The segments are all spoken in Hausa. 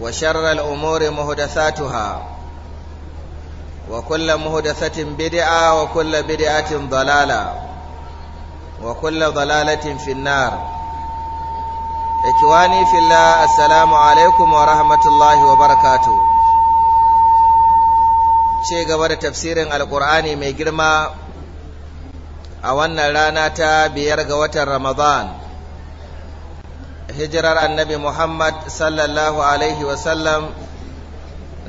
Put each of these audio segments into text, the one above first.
وشر الأمور مهدثاتها وكل مهدثة بدعة وكل بدعة ضلالة وكل ضلالة في النار إخواني في الله السلام عليكم ورحمة الله وبركاته شيء قبل تفسير القرآن ميجرما أولنا لانا تابير قوة رمضان hijirar annabi Muhammad sallallahu Alaihi wasallam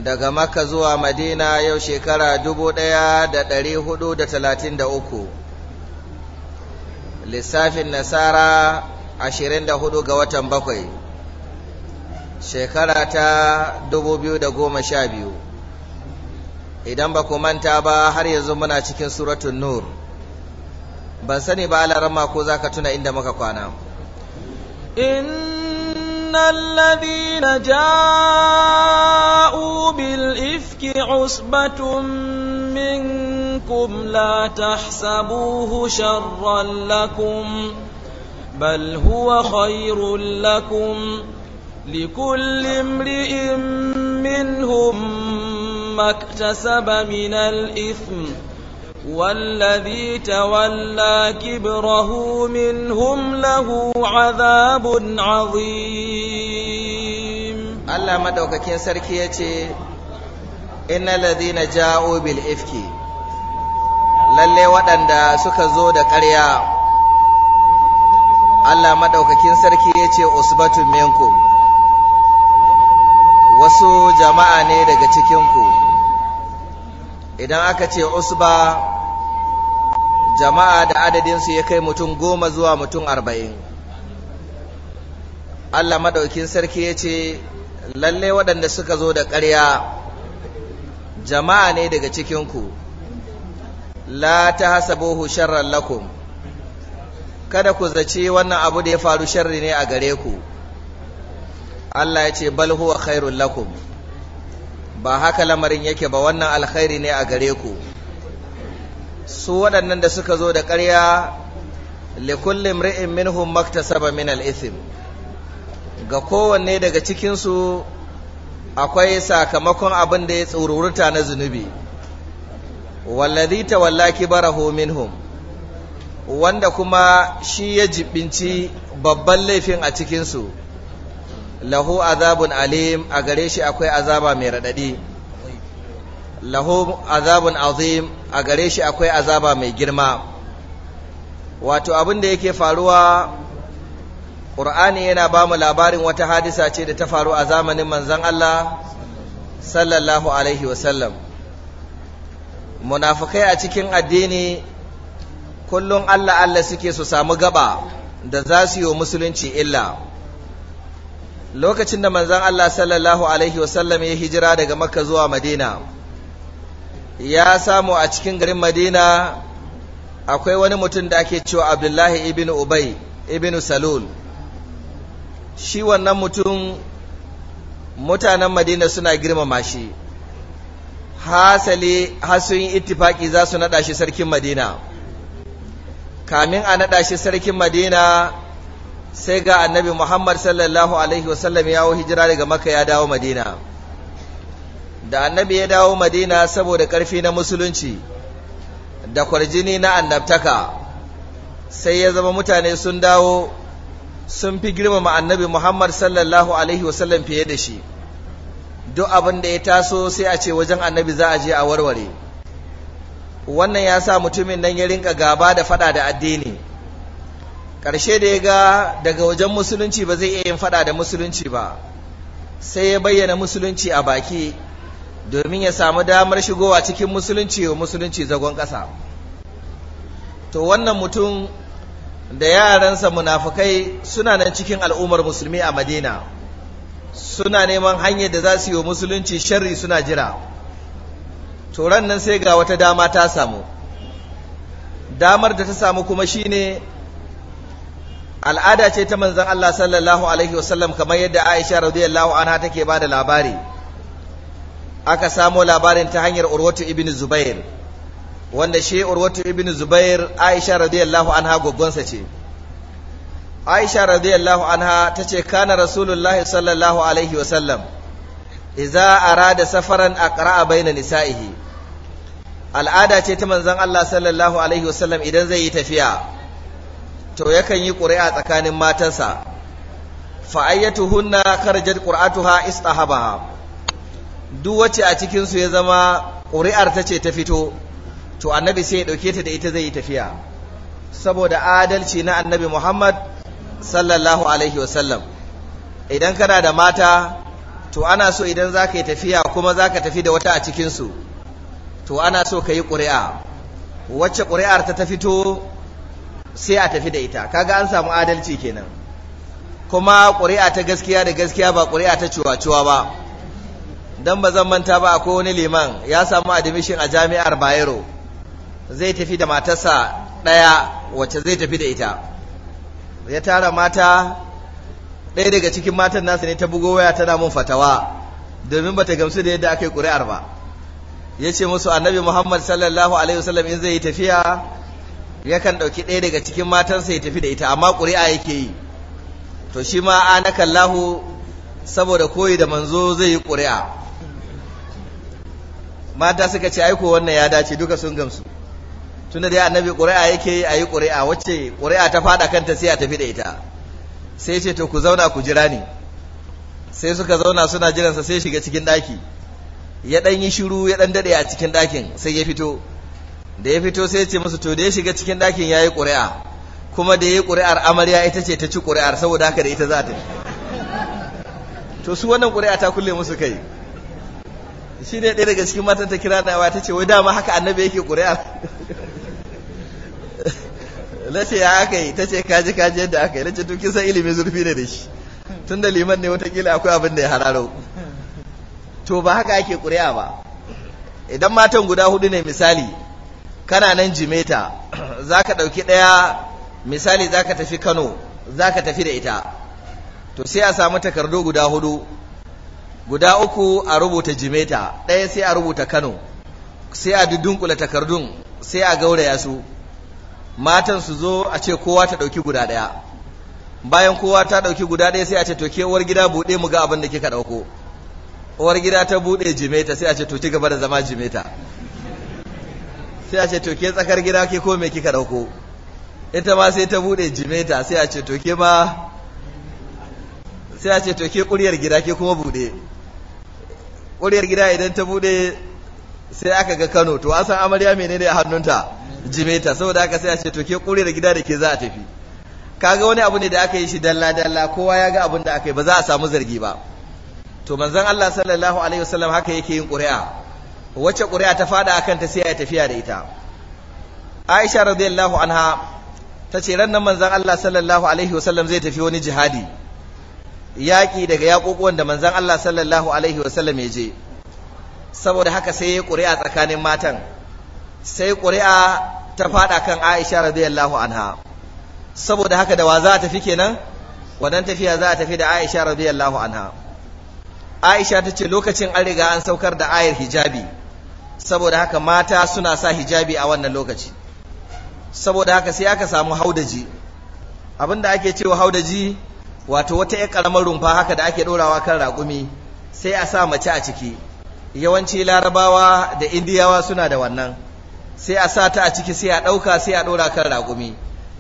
daga Makka zuwa Madina yau shekara 1433 lissafin nasara 24 ga watan bakwai shekara ta 2012 idan ba ku manta ba har yanzu muna cikin suratun nur ban sani ba alarama ko za ka tuna inda muka kwana إن الذين جاءوا بالإفك عصبة منكم لا تحسبوه شرا لكم بل هو خير لكم لكل امرئ منهم ما اكتسب من الإثم والذي تولى كبره منهم له عذاب عظيم الله مدوكاكين سركي يتي إن الذين جاءوا بالإفك lalle waɗanda suka zo da ƙarya Allah maɗaukakin sarki ya ce usbatun minkum wasu jama'a ne daga cikinku idan aka ce usba jama'a da adadinsu ya kai mutum goma zuwa mutum arba'in Allah maɗaukin sarki ya ce lalle waɗanda suka zo da ƙarya jama'a ne daga cikinku la ta hasabuhu sharran lakum kada ku zaci wannan abu da ya faru sharri ne a gare ku Allah ya ce bal huwa khairul lakum ba haka lamarin yake ba wannan alkhairi ne a gare ku su waɗannan da suka zo da ƙarya kullum ri'in minhum maktasaba min al-ithm ga kowanne daga cikinsu akwai sakamakon abin da ya tsururuta na zunubi wallazi tawalla kibarahu minhum wanda kuma shi ya jibinci babban laifin a cikinsu lahu azabun alim a gare shi akwai azaba mai raɗaɗi lahu azabun azim a gare shi akwai azaba mai girma wato abin da yake faruwa ƙur'ani yana ba mu labarin wata hadisa ce da ta faru a zamanin manzon Allah sallallahu alaihi wasallam munafukai a cikin addini kullum Allah Allah suke su samu gaba da za su yi wa musulunci illa lokacin da manzan Allah sallallahu alaihi wasallam ya hijira daga makka zuwa madina ya samu a cikin garin madina akwai wani mutum da ake cewa abdullahi ibn ubay ibn salul shi wannan mutum mutanen madina suna girmama shi hasali hasuyin ittifaki za su naɗa shi sarkin madina kamin a naɗa shi sarkin madina sai ga annabi Muhammad sallallahu alaihi wasallam ya wo hijira daga maka ya dawo Madina da annabi ya dawo Madina saboda ƙarfi na musulunci da kwarjini na annabtaka sai ya zama mutane sun dawo sun fi girmama annabi Muhammad sallallahu alaihi wasallam fiye da shi duk abin da ya taso sai a ce wajen annabi za a je a warware wannan ya sa mutumin nan ya rinka gaba da faɗa da addini ƙarshe da ya ga daga wajen musulunci ba zai iya yin fada da musulunci ba sai ya bayyana musulunci a baki domin ya samu damar shigowa cikin musulunci wa musulunci zagon ƙasa to wannan mutum da yaransa munafukai suna nan cikin al'ummar musulmi a madina suna neman hanyar da za su yi wa musulunci sharri suna jira to nan sai ga wata dama ta samu damar da ta samu kuma shine al'ada ce ta manzon Allah sallallahu alaihi wasallam kamar yadda Aisha radiyallahu anha take bada labari aka samo labarin ta hanyar Urwatu ibn Zubair wanda shi Urwatu ibn Zubair Aisha radiyallahu anha gogonsa ce Aisha radiyallahu anha tace kana Rasulullahi sallallahu alaihi wasallam idza arada safaran aqra'a baina nisa'ihi al'ada ce ta manzon Allah sallallahu alaihi wasallam idan zai yi tafiya to yakan yi ƙuri'a tsakanin matansa hunna kharajat qur'atuha istahabaha duk wacce a cikin su ya zama ƙuri'ar ta ce ta fito to annabi sai ya dauke ta da ita zai yi tafiya saboda adalci na annabi Muhammad sallallahu alaihi wasallam idan kana da mata to ana so idan zaka yi tafiya kuma zaka tafi da wata a cikin su to ana so ka yi ƙuri'a wacce ƙuri'ar ta ta fito sai a tafi da ita kaga an samu adalci kenan kuma ƙuri'a ta gaskiya da gaskiya ba ƙuri'a ta cuwa-cuwa ba don ba zan manta ba akwai wani liman ya samu admission a jami'ar bayero zai tafi da matarsa ɗaya wacce zai tafi da ita ya tara mata ɗaya daga cikin matan nasa ne ta bugo waya tana mun fatawa domin ba ta gamsu da yadda aka ƙuri'ar ba ya ce musu annabi muhammad sallallahu alaihi wasallam in zai yi tafiya yakan ɗauki ɗaya daga cikin matansa ya tafi da ita amma ƙuri'a yake yi to shi ma kallahu saboda koyi da manzo zai yi ƙuri'a mata suka ce aiko wannan ya dace duka sun gamsu tunda dai annabi ƙuri'a yake yi a yi ƙuri'a wacce ƙuri'a ta faɗa kanta sai a tafi da ita sai ce to ku zauna ku jira ni sai suka zauna suna jiransa sai shiga cikin ɗaki ya ɗan yi shiru ya ɗan daɗe a cikin ɗakin sai ya fito da ya fito sai ya ce musu to da ya shiga cikin ɗakin ya yi ƙuri'a kuma da ya yi ƙuri'ar amarya ita ce ta ci ƙuri'ar saboda haka da ita za ta to su wannan ƙuri'a ta kulle musu kai shi ne ɗaya daga cikin matan ta kira wa ta ce wai dama haka annabi yake ƙuri'a na ce ya aka yi ta ce kaji kaji yadda aka yi na ce to kin san ilimin zurfi ne da shi tun da liman ne watakila akwai abin da ya hararo to ba haka ake ƙuri'a ba idan matan guda hudu ne misali kana nan jimeta za ka ɗauki ɗaya misali za ka tafi kano za ka tafi da ita to sai a samu takardu guda hudu guda uku a rubuta jimeta ɗaya sai a rubuta kano sai a dudunkula takardun sai a gauraya su matan su zo a ce kowa ta ɗauki guda ɗaya bayan kowa ta ɗauki guda ɗaya sai a ce to ke uwar gida buɗe mu ga abin da kika ɗauko uwar gida ta buɗe jimeta sai a ce to ci gaba da zama jimeta sai a ce toke tsakar gida ke kome kika dauko ita ma sai ta bude jimeta sai a ce toke ke ma sai a ce toke kuriyar gida ke kuma bude kuriyar gida idan ta bude sai aka ga Kano to an san amarya menene a hannunta jimeta saboda haka sai a ce toke ke kuriyar gida da ke za a tafi kaga wani abu ne da aka yi shi dalla dalla kowa ya ga abin da aka yi ba za a samu zargi ba to manzon Allah sallallahu alaihi wasallam haka yake yin ƙuri'a wacce ƙuri'a ta fada akan ta sai ya tafiya da ita Aisha radiyallahu anha ta ce ran nan manzon Allah sallallahu alaihi wasallam zai tafi wani jihadi Yaki daga yaƙoƙuwan da manzon Allah sallallahu alaihi wasallam ya je saboda haka sai ya ƙuri'a tsakanin matan sai ƙuri'a ta fada kan Aisha radiyallahu anha saboda haka da wa za a tafi kenan wannan tafiya za a tafi da Aisha radiyallahu anha Aisha ta ce lokacin an riga an saukar da ayar hijabi saboda haka mata suna sa hijabi a wannan lokaci saboda haka sai aka samu haudaji abinda ake cewa haudaji wato wata ƴar ƙaramar rumfa haka da ake ɗorawa kan raƙumi sai a sa mace a ciki yawanci larabawa da indiyawa suna da wannan sai a sa ta a ciki sai a ɗauka sai a ɗora kan raƙumi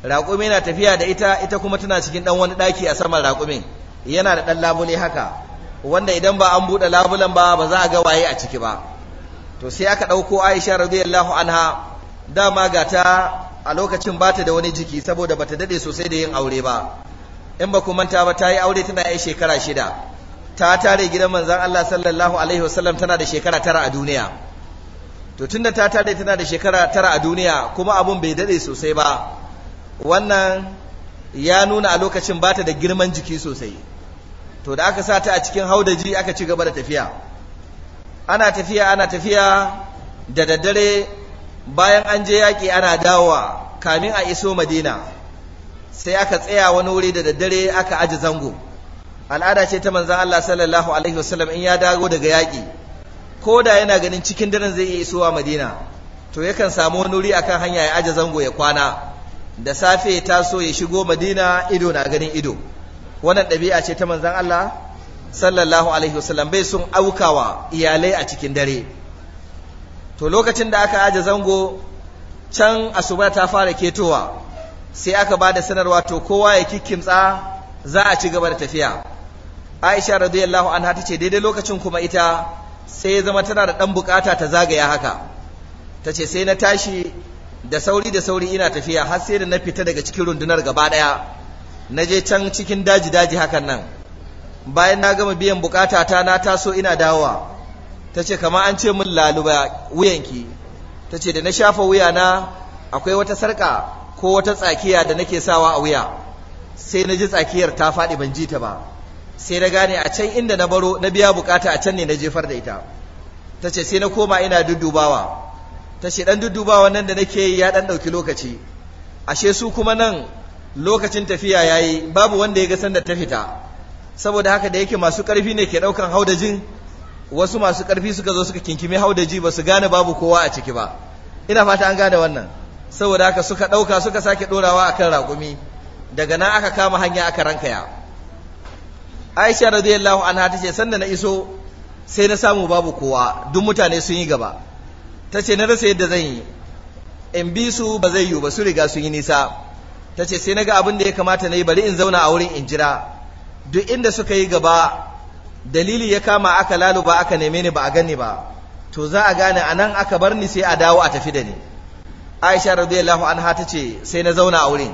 raƙumi na tafiya da ita ita kuma tana cikin ɗan wani ɗaki a saman raƙumin yana da ɗan labule haka wanda idan ba an buɗe labulen ba ba za a ga waye a ciki ba to sai aka ɗauko aisha radiyallahu anha dama ga ta a lokacin ba ta da wani jiki saboda ba ta daɗe sosai da yin aure ba in ba ku manta ba ta yi aure tana yan shekara shida ta tare gidan manzan Allah sallallahu alaihi wasallam tana da shekara tara a duniya to tunda ta tare tana da shekara tara a duniya kuma abun bai daɗe sosai ba wannan ya nuna a lokacin ba ta da girman jiki sosai to da aka sa ta a cikin haudaji aka ci gaba da tafiya ana tafiya ana tafiya da daddare bayan an je yaki ana dawowa kamin a iso madina sai aka tsaya wani wuri da daddare aka aji zango al'ada ce ta manzan Allah sallallahu alaihi wasallam in ya dago daga yaki. ko da yana ganin cikin daren zai iya isowa madina to yakan samu wani wuri akan hanya ya aji zango ya kwana da safe ya taso ya shigo madina ido na ganin ido wannan ɗabi'a ce ta manzan Allah sallallahu alaihi wasallam bai sun aukawa iyalai a cikin dare to lokacin da aka aje zango can asuba ta fara ketowa sai aka ba da sanarwa to kowa ya kikkimtsa za a ci gaba da tafiya aisha radiyallahu anha ta ce daidai lokacin kuma ita sai ya zama tana da ɗan bukata ta zagaya haka ta ce sai na tashi da sauri da sauri ina tafiya har sai da na fita daga cikin rundunar gaba ɗaya na je can cikin daji daji hakan nan bayan na gama biyan bukata ta na taso ina dawowa ta ce kama an ce min laluba wuyanki ta ce da na shafa wuya na akwai wata sarka ko wata tsakiya da nake sawa a wuya sai na ji tsakiyar ta faɗi ban ji ta ba sai na gane a can inda na baro na biya bukata a can ne na jefar da ita ta ce sai na koma ina dudubawa. ta ce ɗan dudubawa nan da nake yi ya ɗan ɗauki lokaci ashe su kuma nan lokacin tafiya ya yi babu wanda ya ga sanda ta fita saboda haka da yake masu ƙarfi ne ke ɗaukan haudajin wasu masu ƙarfi suka zo suka kinkimi haudaji ba su gane babu kowa a ciki ba ina fata an gane wannan saboda haka suka ɗauka suka sake ɗorawa a kan raƙumi daga nan aka kama hanya aka rankaya aisha radiyallahu anha ta ce sanda na iso sai na samu babu kowa duk mutane sun yi gaba ta ce na rasa yadda zan yi in bi su ba zai yiwu ba su riga sun yi nisa ta ce sai na ga abin da ya kamata na yi bari in zauna a wurin in jira duk inda suka yi gaba dalili ya kama aka laluba aka neme ni ba a gani ba to za a gane a nan aka bar ni sai a dawo a tafi da ni aisha radiyallahu anha ta ce sai na zauna a wurin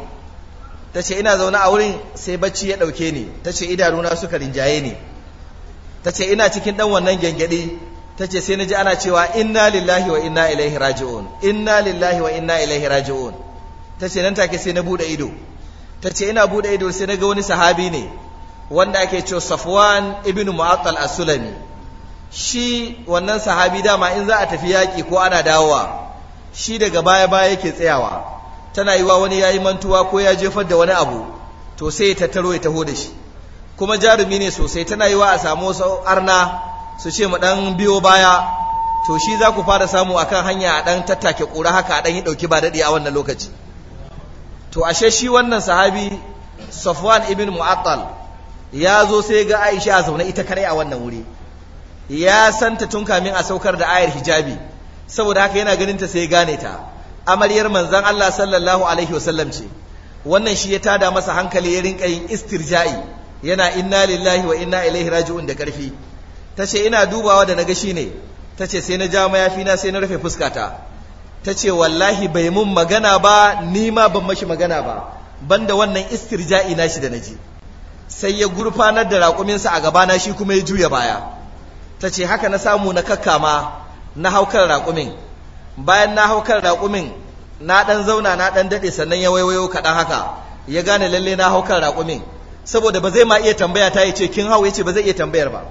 ta ce ina zaune a wurin sai bacci ya ɗauke ni ta ce idanuna suka rinjaye ni ta ce ina cikin ɗan wannan gyangyaɗi ta ce sai na ji ana cewa inna lillahi wa inna ilaihi raji'un inna lillahi wa inna ilaihi raji'un ta ce nan take sai na buɗe ido ta ce ina buɗe ido sai na ga wani sahabi ne wanda ake ce Safwan ibn Mu'attal as-Sulami shi wannan sahabi dama in za a tafi yaƙi ko ana dawowa shi daga baya baya yake tsayawa tana yiwa wani yayi mantuwa ko ya jefar da wani abu to sai ya tattaro ya taho da shi kuma jarumi ne sosai tana yiwa a samu wasu arna su ce mu dan biyo baya to shi za ku fara samu akan hanya a dan tattake ƙura haka a dan yi ɗauki ba daɗi a wannan lokaci to ashe shi wannan sahabi Safwan ibn Mu'attal ya zo sai ga aisha a zaune ita kare a wannan wuri ya santa tun kamin a saukar da ayar hijabi saboda haka yana ganin ta sai gane ta amaryar manzon Allah sallallahu alaihi wasallam ce wannan shi ya tada masa hankali ya rinka yin istirja'i yana inna lillahi wa inna ilaihi raji'un da karfi tace ina dubawa da na ga naga shine tace sai na ja mayafi na sai na rufe fuska ta tace wallahi bai mun magana ba ni ma ban mashi magana ba banda wannan istirja'i na shi da na naji sai ya gurfanar da raƙuminsa a gabana shi kuma ya juya baya ta ce haka na samu na kakkama na haukar raƙumin bayan na haukar raƙumin na ɗan zauna na ɗan daɗe sannan ya waiwayo kaɗan haka ya gane lalle na haukar raƙumin saboda ba zai ma iya tambaya ta ya ce kin hau ya ce ba zai iya tambayar ba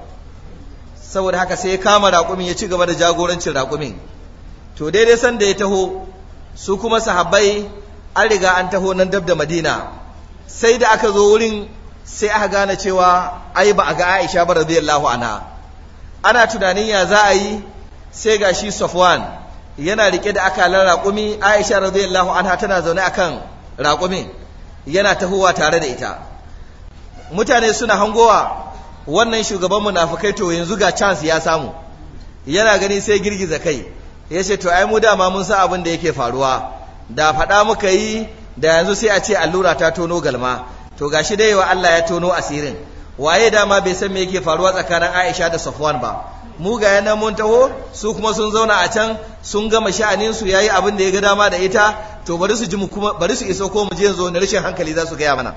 saboda haka sai ya kama raƙumin ya ci gaba da jagorancin raƙumin to daidai sanda ya taho su kuma sahabbai an riga an taho nan dab da madina sai da aka zo wurin sai aka gane cewa ai ba a ga Aisha ba radiyallahu anha ana tunanin ya za a yi sai ga gashi Safwan yana rike da akalan raƙumi Aisha radiyallahu anha tana zaune akan raƙumi. yana tahowa tare da ita mutane suna hangowa wannan shugaban munafukai to yanzu ga chance ya samu yana gani sai girgiza kai ya ce to ai mu dama mun san abin da yake faruwa da faɗa muka yi da yanzu sai a ce allura ta tono galma to gashi dai wa Allah ya tono asirin waye dama bai san me yake faruwa tsakanin Aisha da Safwan ba mu ga yana mun taho su kuma sun zauna a can sun gama sha'anin su yayi abin da ya ga dama da ita to bari su ji mu kuma bari su iso ko mu je yanzu ne rashin hankali za su gaya mana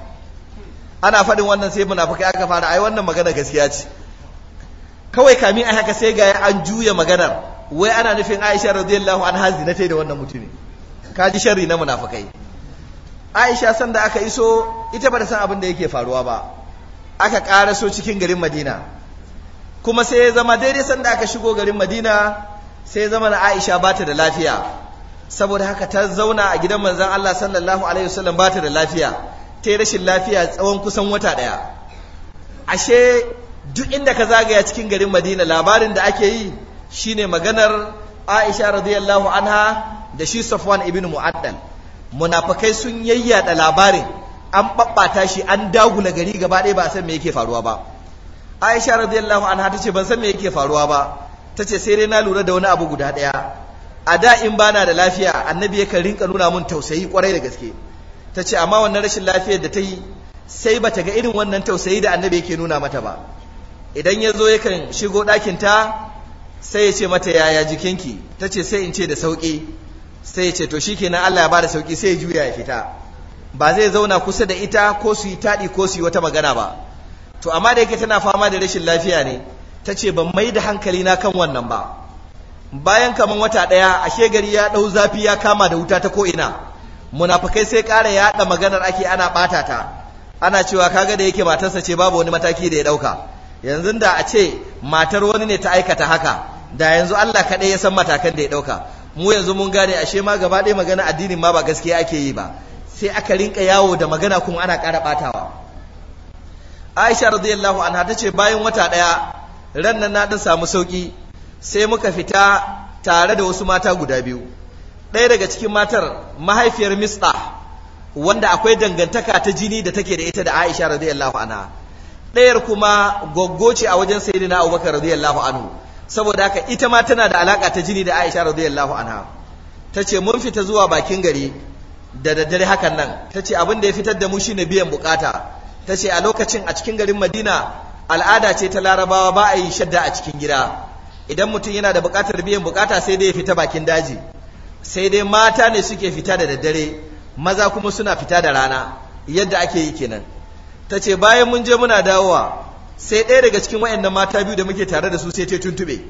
ana faɗin wannan sai munafikai aka fara ai wannan magana gaskiya ce kawai kamin a haka sai ga an juya maganar wai ana nufin Aisha radiyallahu anha zinata da wannan mutumi kaji sharri na munafikai aisha sanda aka iso ita ba ta san abin da yake faruwa ba aka karaso cikin garin madina kuma sai ya zama daidai sanda aka shigo garin madina sai ya zama na aisha ba ta da lafiya saboda haka ta zauna a gidan manzon allah sallallahu alaihi wasallam ba ta da lafiya ta yi rashin lafiya tsawon kusan wata ɗaya ashe duk inda ka zagaya cikin garin madina labarin da ake yi shine maganar aisha radiyallahu anha da shi safwan ibn mu'addal munafakai sun yayyada labarin an babbata shi an dagula gari gaba ɗaya ba a san me yake faruwa ba Aisha radiyallahu anha tace ban san me yake faruwa ba tace sai dai na lura da wani abu guda ɗaya a da in bana da lafiya annabi yakan rinka nuna mun tausayi kwarai da gaske tace amma wannan rashin lafiyar da ta yi sai bata ga irin wannan tausayi da annabi yake nuna mata ba idan ya zo yakan shigo ɗakin ta sai ya ce mata yaya jikinki tace sai in ce da sauƙi sai ya ce to shikenan Allah ya bada sauki sai ya juya ya fita ba zai zauna kusa da ita ko su yi taɗi ko su yi wata magana ba to amma da yake tana fama da rashin lafiya ne ta ce ban mai da hankali na kan wannan ba bayan kaman wata ɗaya ashe gari ya ɗau zafi ya kama da wuta ta ko'ina munafukai sai ƙara yaɗa maganar ake ana ɓata ta ana cewa kaga da yake matarsa ce babu wani mataki da ya ɗauka yanzu da a ce matar wani ne ta aikata haka da yanzu Allah kaɗai ya san matakan da ya ɗauka mu yanzu mun gane ashe ma gaba ɗaya magana addinin ma ba gaskiya ake yi ba sai aka rinka yawo da magana kuma ana ƙara ɓatawa aisha radiyallahu anha ta ce bayan wata ɗaya ran nan na ɗan samu sauƙi sai muka fita tare da wasu mata guda biyu ɗaya daga cikin matar mahaifiyar mista wanda akwai dangantaka ta jini da take da ita da aisha radiyallahu anha ɗayar kuma goggo ce a wajen sayyidina abubakar radiyallahu anhu saboda haka ita ma tana da alaka ta jini da Aisha radiyallahu anha tace mun fita zuwa bakin gari da daddare hakan nan tace abin da ya fitar da mu shine biyan bukata tace a lokacin a cikin garin Madina al'ada ce ta Larabawa ba a yi shadda a cikin gida idan mutum yana da bukatar biyan bukata sai dai ya fita bakin daji sai dai mata ne suke fita da daddare maza kuma suna fita da rana yadda ake yi kenan tace bayan mun je muna dawowa sai ɗaya daga cikin wayannan mata biyu da muke tare da su sai ta tuntube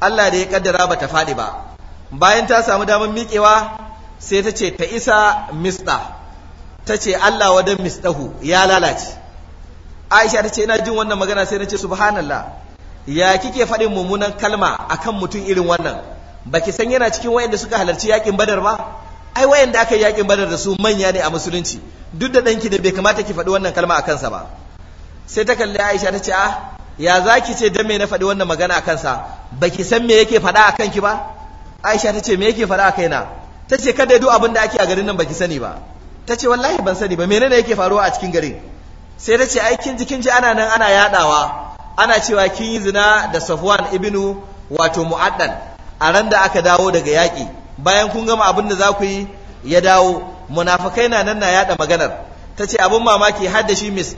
Allah da ya kaddara ta faɗi ba bayan ta samu damar miƙewa sai ta ce ta isa misɗa ta ce Allah wadan misɗahu ya lalace Aisha ta ce ina jin wannan magana sai na ce subhanallah ya kike faɗin mummunan kalma akan mutum irin wannan baki san yana cikin wayanda suka halarci yakin badar ba ai wayanda aka yi yakin badar da su manya ne a musulunci duk da ɗanki da bai kamata ki faɗi wannan kalma a kansa ba sai ta kalli Aisha ta ce ah ya zaki ce dan me na faɗi wannan magana akan sa baki san me yake faɗa akan ki ba Aisha ta ce me yake faɗa akai na ta ce kada duk abin da ake a garin nan baki sani ba ta ce wallahi ban sani ba menene yake faruwa a cikin garin sai ta ce ai kin ji kin ji ana nan ana yadawa ana cewa kin yi zina da Safwan ibnu wato Mu'addan a ran da aka dawo daga yaki. bayan kun gama abin da za ku yi ya dawo munafikai na nan na yada maganar ta ce abin mamaki har da shi Miss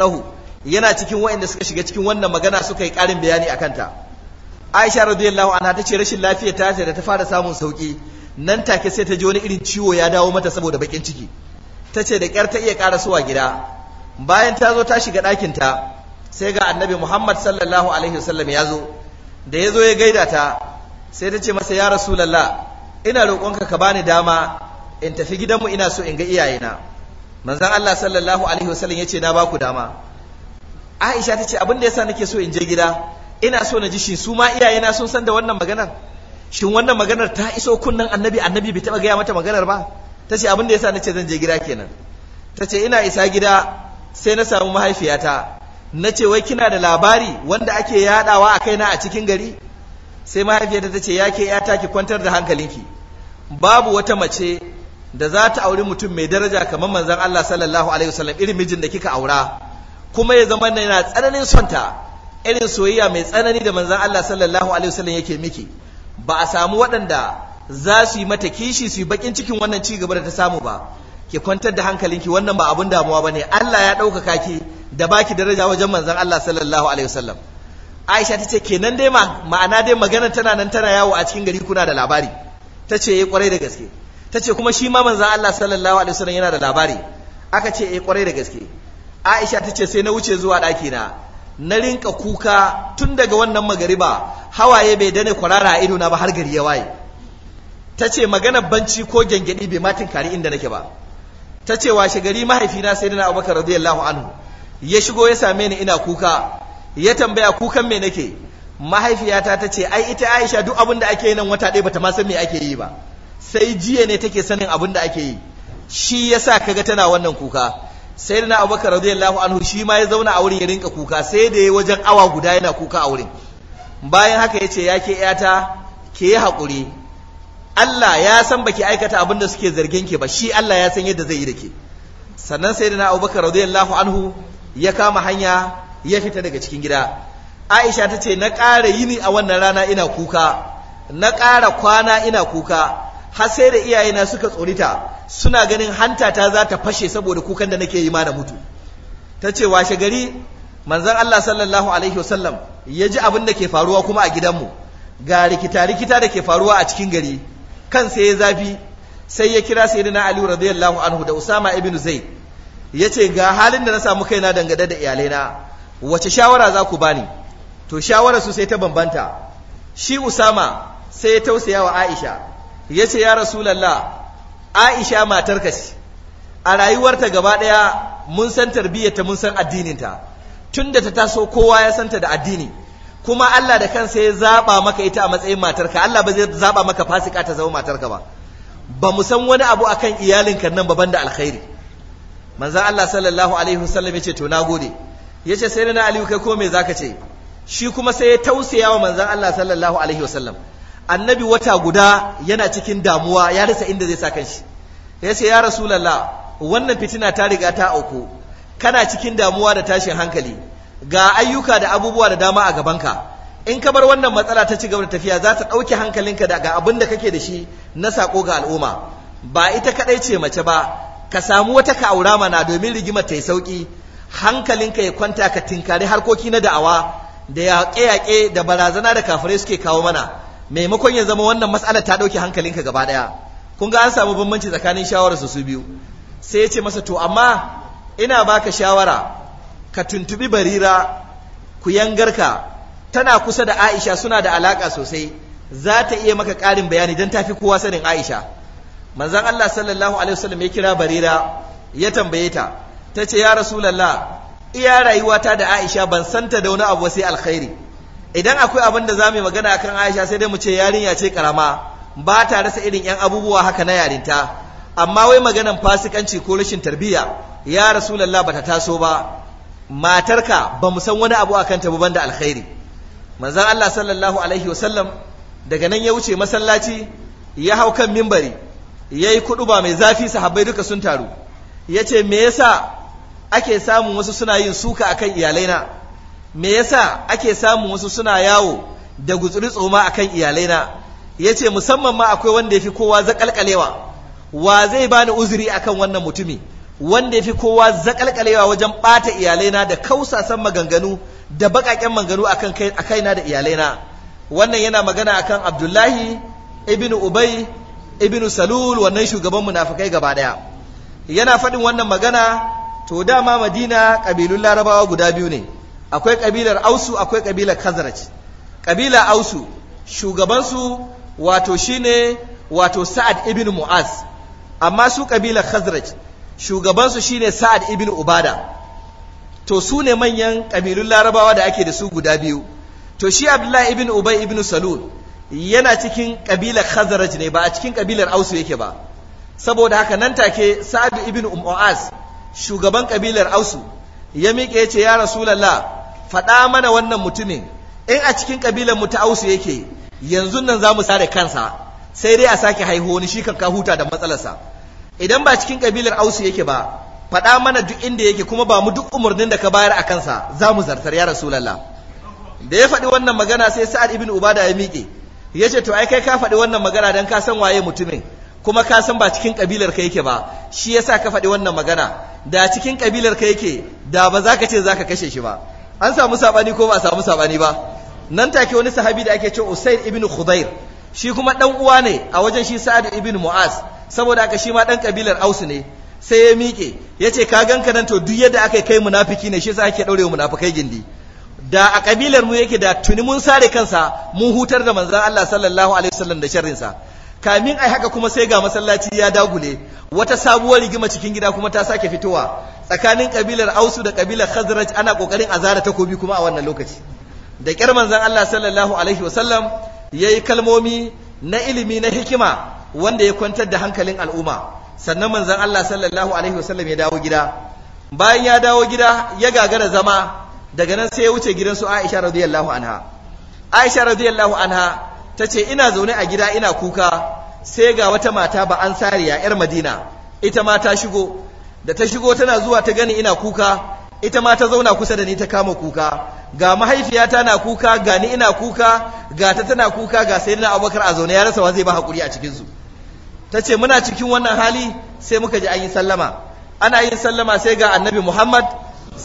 yana cikin waɗanda suka shiga cikin wannan magana suka yi ƙarin bayani a kanta aisha radiyallahu anha ta ce rashin lafiya ta da ta fara samun sauki nan take sai ta ji wani irin ciwo ya dawo mata saboda bakin ciki ta ce da kyar ta iya suwa gida bayan ta zo ta shiga ta sai ga annabi muhammad sallallahu alaihi wasallam ya zo da ya zo ya gaida ta sai ta ce masa ya rasulallah ina roƙonka ka bani dama in tafi gidanmu ina so in ga iyayena manzon allah sallallahu alaihi wasallam ya ce na baku dama Aisha ta ce abin da yasa nake so in je gida ina so na ji shi su ma iyayena sun san da wannan maganar shin wannan maganar ta iso kunnan annabi annabi bai taba gaya mata maganar ba ta ce abin da yasa nace zan je gida kenan ta ce ina isa gida sai na samu mahaifiyata na ce wai kina da labari wanda ake yadawa a kaina a cikin gari sai mahaifiyata ta ce ya ke ya ki kwantar da hankalinki babu wata mace da za ta auri mutum mai daraja kamar manzon Allah sallallahu alaihi wasallam irin mijin da kika aura kuma ya zama yana tsananin sonta irin soyayya mai tsanani da manzan Allah sallallahu alaihi wasallam yake miki ba a samu waɗanda za su yi mata kishi su yi bakin cikin wannan ci gaba da ta samu ba ke kwantar da hankalinki wannan ba abun damuwa ba ne. Allah ya ɗaukaka ki da baki daraja wajen manzan Allah sallallahu alaihi wasallam Aisha ta ce kenan dai ma'ana dai magana tana nan tana yawo a cikin gari kuna da labari ta ce yi eh, kwarai da gaske ta ce kuma shi ma manzan Allah sallallahu alaihi wasallam yana da labari aka ce yi eh, kwarai da gaske aisha ta ce sai na wuce zuwa ɗakina na rinka kuka tun daga wannan magariba hawaye bai dane kwarara a idona ba har gari ya waye ta ce magana banci ko gyangyaɗi bai matin kari inda nake ba ta ce washe gari mahaifina sai dana abubakar radiyallahu anhu ya shigo ya same ni ina kuka ya tambaya kukan me nake mahaifiyata ta ce ai ita aisha duk abin da ake yi nan wata ɗaya bata ma san me ake yi ba sai jiya ne take sanin abin da ake yi shi yasa kaga tana wannan kuka sai da na abubakar radiyallahu anhu shi ma ya zauna a wurin ya rinka kuka sai da ya wajen awa guda yana kuka a wurin bayan haka ya ce ya ke yata ke yi haƙuri Allah ya san baki aikata abin da suke zargin ke ba shi Allah ya san yadda zai yi da ke sannan sai da na abubakar radiyallahu anhu ya kama hanya ya fita daga cikin gida aisha ta ce na ƙara yini a wannan rana ina kuka na ƙara kwana ina kuka har sai da iyayena suka tsorita suna ganin hanta ta za ta fashe saboda kukan da nake yi ma da mutu ta ce washe gari manzon Allah sallallahu alaihi wasallam ya ji abin da ke faruwa kuma a gidanmu ga rikita rikita da ke faruwa a cikin gari kan sai ya zafi sai ya kira sayyidina Ali radiyallahu anhu da Usama ibn Zaid ce ga halin da na samu kaina dangane da iyalaina wace shawara za ku bani to shawara su sai ta bambanta shi Usama sai ya tausaya wa Aisha ya ce ya rasu lalla aisha matarka ce a rayuwarta gaba ɗaya mun san tarbiyyarta mun san addininta tun da ta taso kowa ya santa da addini kuma Allah da kansa ya zaba maka ita a matsayin matarka Allah ba zai zaɓa maka fasika ta zama matarka ba ba mu san wani abu akan iyalinka nan ba banda alkhairi manzo Allah sallallahu alaihi wasallam yace to nagode yace sai na Aliyu kai ko me zaka ce shi kuma sai ya tausaya wa manzon Allah sallallahu alaihi wasallam annabi wata guda yana cikin damuwa ya rasa inda zai sa kanshi ya ce ya rasulallah wannan fitina ta riga ta auku kana cikin damuwa da tashin hankali ga ayyuka da abubuwa da dama a gabanka in ka bar wannan matsala ta ci gaba da tafiya za ta ɗauke hankalinka daga abin da kake da shi na sako ga al'umma ba ita kaɗai ce mace ba ka samu wata ka aura mana domin rigimar ta yi sauƙi hankalinka ya kwanta ka tinkari harkoki na da'awa da yaƙe-yaƙe da barazana da kafirai suke kawo mana maimakon ya zama wannan mas'alar ta dauke hankalinka gaba daya kun ga an samu bambanci tsakanin shawarar su biyu sai ya ce masa to amma ina baka shawara ka tuntubi barira ku yangarka tana kusa da Aisha suna da alaka sosai za ta iya maka karin bayani don tafi kowa sanin Aisha manzon Allah sallallahu alaihi wasallam ya kira barira ya tambaye ta tace ya rasulullah iya rayuwata da Aisha ban santa da wani abu sai alkhairi idan akwai abin da za mu yi magana a kan aisha sai dai mu ce yarinya ce karama ba ta rasa irin yan abubuwa haka na yarinta amma wai maganan fasikanci ko rashin tarbiyya ya rasulullah ta taso ba matarka ba mu san wani abu akan ta ba banda alkhairi manzon Allah sallallahu alaihi wasallam daga nan ya wuce masallaci ya hau kan mimbari yayi kudu ba mai zafi sahabbai duka sun taru yace me yasa ake samun wasu suna yin suka akan iyalaina me yasa ake samun wasu suna yawo da gutsuri tsoma akan iyalaina? na ce musamman ma akwai wanda ya fi kowa zakalkalewa wa zai bani uzuri akan wannan mutumi wanda ya fi kowa zakalkalewa wajen ɓata iyalaina da kausasan maganganu da baƙaƙen maganganu a kaina da iyalaina? wannan yana magana akan Abdullahi ibn Ubai, ibn Salul wannan shugaban munafikai gaba ɗaya. yana faɗin wannan magana to dama Madina ƙabilun Larabawa guda biyu ne akwai ƙabilar ausu akwai kabilar khazraj kabila ausu shugabansu wato shine wato sa'ad ibn mu'az amma su kabilar khazraj shugabansu shine sa'ad ibn ubada to su ne manyan ƙabilun larabawa da ake da su guda biyu to shi abdullahi ibn ubay ibn salul yana cikin kabilar khazraj ne ba a cikin ƙabilar ausu yake ba saboda haka nan take sa'ad ibn mu'az shugaban ƙabilar ausu ya miƙe ya ce ya rasulallah faɗa mana wannan mutumin in a cikin ƙabilar mu ta ausu yake yanzu nan za mu sare kansa sai dai a sake haihu wani shi kan huta da matsalarsa idan ba cikin ƙabilar ausu yake ba faɗa mana duk inda yake kuma ba mu duk umarnin da ka bayar a kansa za mu zartar ya rasulallah da ya faɗi wannan magana sai sa'ad ibn ubada ya miƙe ya ce to ai kai ka faɗi wannan magana don ka san waye mutumin kuma ka san ba cikin ƙabilar ka yake ba shi yasa ka faɗi wannan magana da cikin ƙabilar ka yake da ba za ka ce za ka kashe shi ba an samu sabani ko ba a samu sabani ba nan take wani sahabi da ake ce Usaid ibn Khudair shi kuma dan uwa ne a wajen shi Sa'ad ibn Mu'az saboda haka shi ma dan kabilar Aus ne sai ya miƙe yace ka ganka nan to duk yadda aka kai munafiki ne shi yasa ake daurewa munafikai gindi da a kabilar mu yake da tuni mun sare kansa mun hutar da manzon Allah sallallahu alaihi wasallam da sharrin sa kamin ai haka kuma sai ga masallaci ya dagule wata sabuwar rigima cikin gida kuma ta sake fitowa tsakanin kabilar ausu da kabilar khazraj ana kokarin azara takobi kuma a wannan lokaci da kyar manzon Allah sallallahu alaihi wasallam yayi kalmomi na ilimi na hikima wanda ya kwantar da hankalin al'umma sannan manzon Allah sallallahu alaihi wasallam ya dawo gida bayan ya dawo gida ya gagara zama daga nan sai ya wuce gidan su Aisha radiyallahu anha Aisha radiyallahu anha ta ce ina zaune a gida ina kuka sai ga wata mata ba an sariya 'yar madina ita ma ta shigo da ta shigo tana zuwa ta gani ina kuka ita ma ta zauna kusa da ni ta kama kuka ga mahaifiyata na kuka ga ni ina kuka ga ta tana kuka ga sai na abubakar a zaune ya rasa wa zai ba hakuri a cikinsu ta ce muna cikin wannan hali sai muka ji an yi sallama ana yin sallama sai ga annabi muhammad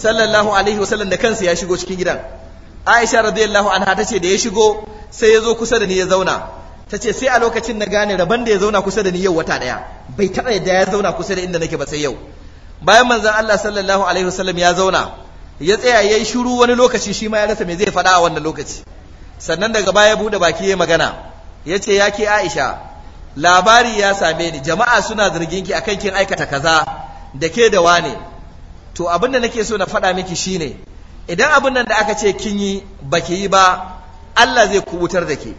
sallallahu alaihi wasallam da kansa ya shigo cikin gidan aisha radiyallahu anha ta ce da ya shigo sai ya zo kusa da ni ya zauna ta ce sai a lokacin na gane rabon da ya zauna kusa da ni yau wata ɗaya bai taɓa yadda ya zauna kusa da inda nake ba sai yau bayan manzon Allah sallallahu alaihi wasallam ya zauna ya tsaya yayi shiru wani lokaci shi ma ya rasa me zai faɗa a wannan lokaci sannan daga baya ya bude baki ya magana ya ce ya ke Aisha labari ya same ni jama'a suna zargin ki akan kin aikata kaza da ke da wane to abin da nake so na faɗa miki shine idan abin nan da aka ce kin yi baki yi ba Allah zai kubutar da ke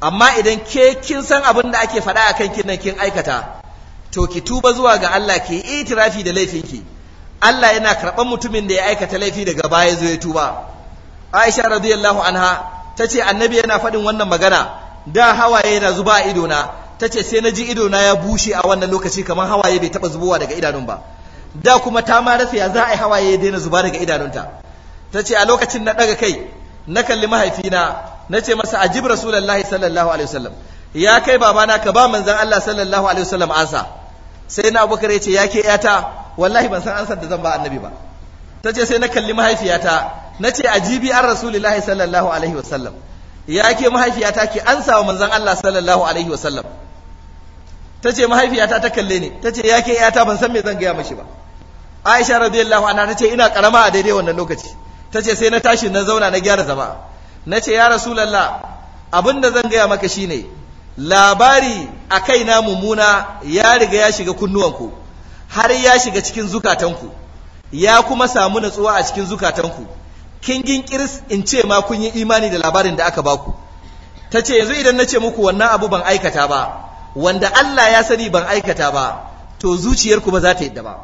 amma idan ke kin san abin da ake faɗa a kan kin nan kin aikata to ki tuba zuwa ga Allah ki itirafi da laifinki Allah yana karɓar mutumin da ya aikata laifi daga baya zo ya tuba Aisha radiyallahu anha ta ce annabi yana faɗin wannan magana da hawaye yana zuba a idona. Ta ce sai na ji idona ya bushe a wannan lokaci kamar hawaye bai taba zubowa daga idanun ba da kuma ta ma rasa ya za a yi hawaye ya daina zuba daga idanunta Ta ce a lokacin na ɗaga kai na kalli mahaifina na ce masa ajib rasulullahi sallallahu alaihi wasallam ya kai babana ka ba manzon Allah sallallahu alaihi wasallam ansa sai na abubakar ya ce ya ke yata wallahi ban san ansar da zan ba annabi ba ta ce sai na kalli mahaifiyata na ce ajibi an rasulullahi sallallahu alaihi wasallam ya ke mahaifiyata ki ansa wa manzon Allah sallallahu alaihi wasallam ta ce mahaifiyata ta kalle ni ta ce ya ke yata ban san me zan gaya mashi ba aisha radiyallahu anha ta ce ina karama a daidai wannan lokaci ta ce sai na tashi na zauna na gyara zama na ce ya rasulallah abin da zan gaya maka shine labari a kai na mummuna ya riga ya shiga kunnuwanku har ya shiga cikin zukatanku ya kuma samu natsuwa a cikin zukatanku kingin kiris in ce ma kun yi imani da labarin da aka baku ta ce yanzu idan na ce muku wannan abu ban aikata ba wanda Allah ya sani ban aikata ba to zuciyarku ba za ta yadda ba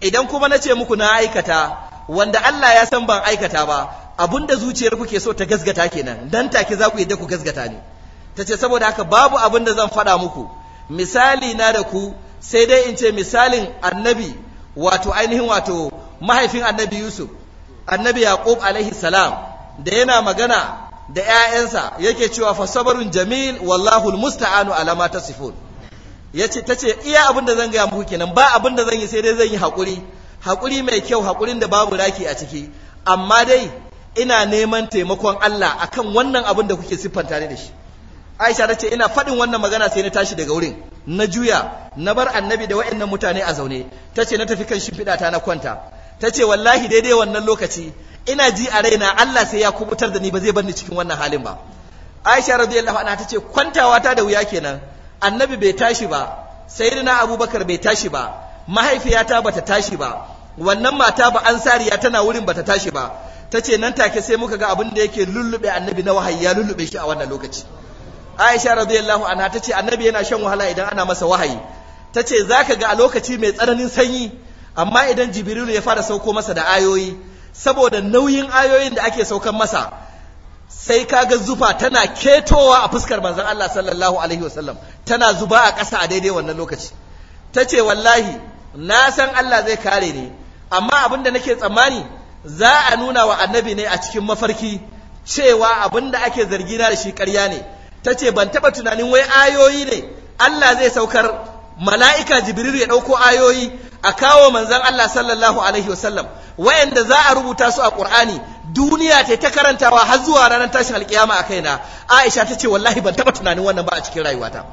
idan kuma na ce muku na aikata wanda Allah ya san ban aikata ba abinda zuciyar kuke so ta gasgata kenan dan take za ku yadda ku gasgata ne tace saboda haka babu abinda zan faɗa muku misali na da ku sai dai in ce misalin annabi wato ainihin wato mahaifin annabi Yusuf annabi Yaqub alaihi salam da yana magana da ‘ya'yansa yake cewa sabarun jamil wallahu musta'anu alama ta tasifun ya ce ta iya abin zan gaya muku kenan ba abin zan yi sai dai zan yi haƙuri haƙuri mai kyau haƙurin da babu raki a ciki amma dai ina neman taimakon Allah akan wannan abin da kuke siffanta tare da shi Aisha ta ce ina faɗin wannan magana sai na tashi daga wurin na juya na bar annabi da waɗannan mutane a zaune ta ce na tafi kan shimfiɗa ta na kwanta ta ce wallahi daidai wannan lokaci ina ji a raina Allah sai ya kubutar da ni ba zai bar ni cikin wannan halin ba Aisha radiyallahu anha ta ce kwantawa ta da wuya kenan annabi bai tashi ba sayyidina Abubakar bai tashi ba mahaifiyata bata tashi ba wannan mata ba ansariya tana wurin bata tashi ba ta ce nan take sai muka ga abin da yake lullube annabi na wahayi ya lullube shi a wannan lokaci aisha radiyallahu anha ta ce annabi yana shan wahala idan ana masa wahayi ta ce za ka ga a lokaci mai tsananin sanyi amma idan jibrilu ya fara sauko masa da ayoyi saboda nauyin ayoyin da ake saukan masa sai ka ga zufa tana ketowa a fuskar manzon Allah sallallahu alaihi wasallam tana zuba a ƙasa a daidai wannan lokaci ta ce wallahi na san Allah zai kare ni amma abin da nake tsammani za a nuna wa annabi ne a cikin mafarki cewa abin da ake zargi na da shi karya ne ta ce ban taɓa tunanin wai ayoyi ne Allah zai saukar mala'ika jibril ya ɗauko ayoyi a kawo manzan Allah sallallahu alaihi wasallam wayanda za a rubuta su a Qur'ani duniya ta ta karantawa har zuwa ranar tashin alkiyama a kaina Aisha ta ce wallahi ban taɓa tunanin wannan ba a cikin rayuwata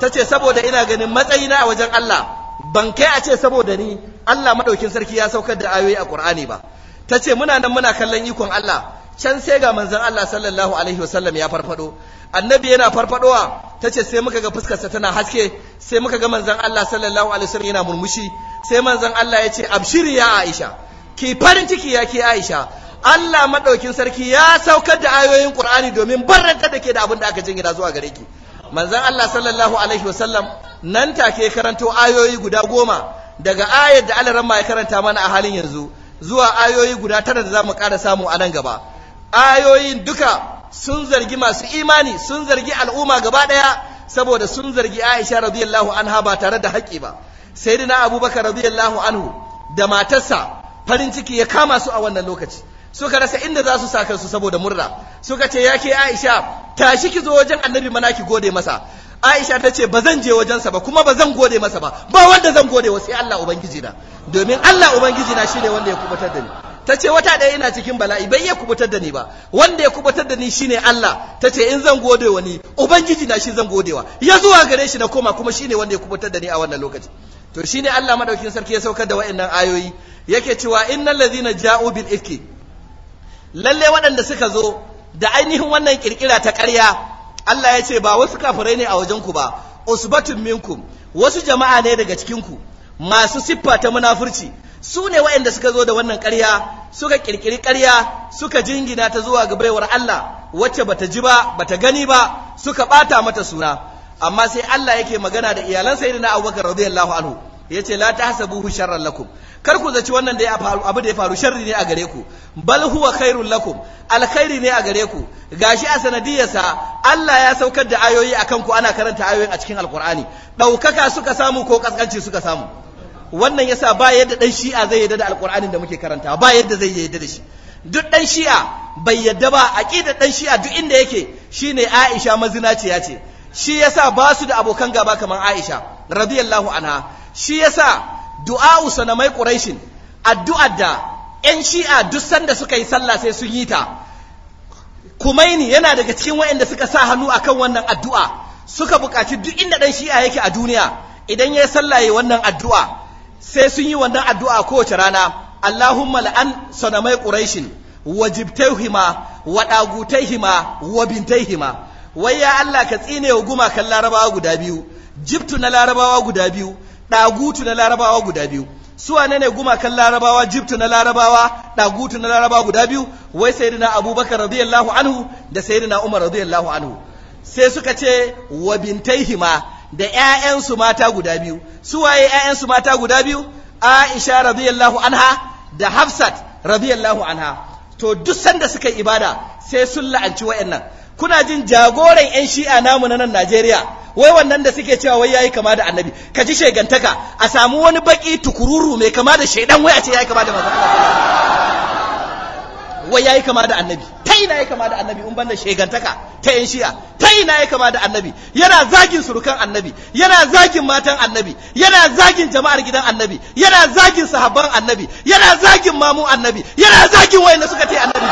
ta ce saboda ina ganin matsayina a wajen Allah ban kai a ce saboda ni Allah madaukin sarki ya saukar da ayoyi a Qur'ani ba tace muna nan muna kallon ikon Allah can sai ga manzon Allah sallallahu alaihi wasallam ya farfado annabi yana farfadowa tace sai muka ga fuskar sa tana haske sai muka ga manzon Allah sallallahu alaihi wasallam yana murmushi sai manzon Allah ya ce abshiri ya Aisha ki farin ciki ya ke Aisha Allah madaukin sarki ya saukar da ayoyin Qur'ani domin barranta da ke da abin da aka jingina zuwa gare ki manzon Allah sallallahu alaihi wasallam nan take karanto ayoyi guda goma daga ayar da alaramma ya karanta mana a halin yanzu zuwa ayoyi guda tara da za mu ƙara samu a nan gaba ayoyin duka sun zargi masu imani sun zargi al'umma gaba ɗaya saboda sun zargi Aisha radiyallahu anha ba tare da haƙƙi ba Sai na Abubakar radiyallahu anhu da matarsa farin ciki ya kama su a wannan lokaci suka rasa inda za su saka su saboda murna suka ce ya ke aisha tashi ki zo wajen annabi mana ki gode masa aisha ta ce ba zan je wajensa ba kuma ba zan gode masa ba ba wanda zan gode wa sai allah ubangiji na domin allah ubangiji na shine wanda ya kubutar da ni ta ce wata ɗaya ina cikin bala'i bai ya kubutar da ni ba wanda ya kubutar da ni shine Allah ta ce in zan gode wa ni ubangiji na shi zan godewa ya zuwa gare shi na koma kuma shine wanda ya kubutar da ni a wannan lokaci to shine Allah madaukin sarki ya saukar da wa'annan ayoyi yake cewa innal ladhina ja'u bil ifki lalle waɗanda suka zo da ainihin wannan kirkira ta ƙarya Allah ya ce ba wasu kafirai ne a wajenku ba usbatun minkum wasu jama'a ne daga cikinku masu siffa ta munafurci su ne waɗanda suka zo da wannan ƙarya suka ƙirƙiri ƙarya suka jingina ta zuwa ga baiwar Allah wacce bata ji ba bata gani ba suka ɓata mata suna amma sai Allah yake magana da iyalan sayyidina Abubakar radiyallahu anhu ya ce la tahsabuhu sharran lakum kar ku zaci wannan da ya faru abu da ya faru sharri ne a gare ku bal huwa khairul lakum alkhairi ne a gare ku gashi a sanadiyarsa Allah ya saukar da ayoyi akan ku ana karanta ayoyin a cikin alqur'ani daukaka suka samu ko kaskanci suka samu wannan yasa ba yadda dan shi'a zai yadda da alqur'anin da muke karanta ba yadda zai yadda da shi duk dan shi'a bai yadda ba aqidar dan shi'a duk inda yake shine Aisha mazinaciya ce shi yasa ba su da abokan gaba kamar Aisha radiyallahu anha shi yasa du'a'u sanamai quraishin addu'ar da yan shi'a duk sanda suka yi sallah sai sun yi ta kumaini yana daga cikin waɗanda suka sa hannu akan wannan addu'a suka buƙaci duk inda ɗan shi'a yake a duniya idan ya sallah yi wannan addu'a sai sun yi wannan addu'a kowace rana Allahumma la'an sanamai quraishin wajibtaihima wa dagutaihima wa bintaihima wai ya Allah ka tsine wa gumakan larabawa guda biyu jibtu na larabawa guda biyu ɗagutu na larabawa guda biyu su wane ne gumakan larabawa jibtu na larabawa ɗagutu na larabawa guda biyu wai sayyidina abubakar radiyallahu anhu da sayyidina umar radiyallahu anhu sai suka ce wa bintaihima da ƴaƴansu mata guda biyu su waye ƴaƴansu mata guda biyu aisha radiyallahu anha da hafsat radiyallahu anha to duk sanda suka yi ibada sai sun la'anci wayannan kuna jin jagoran 'yan shi'a namu na nan Najeriya wai wannan da suke cewa wai yayi kama da annabi ka ji shegantaka a samu wani baki tukururu mai kama da shaidan wai a ce yayi kama da manzon Allah wai yayi kama da annabi ta ina yayi kama da annabi in banda shegantaka ta yan shi'a ta ina yayi kama da annabi yana zagin surukan annabi yana zagin matan annabi yana zagin jama'ar gidan annabi yana zagin sahabban annabi yana zagin mamu annabi yana zagin wayanda suka ce annabi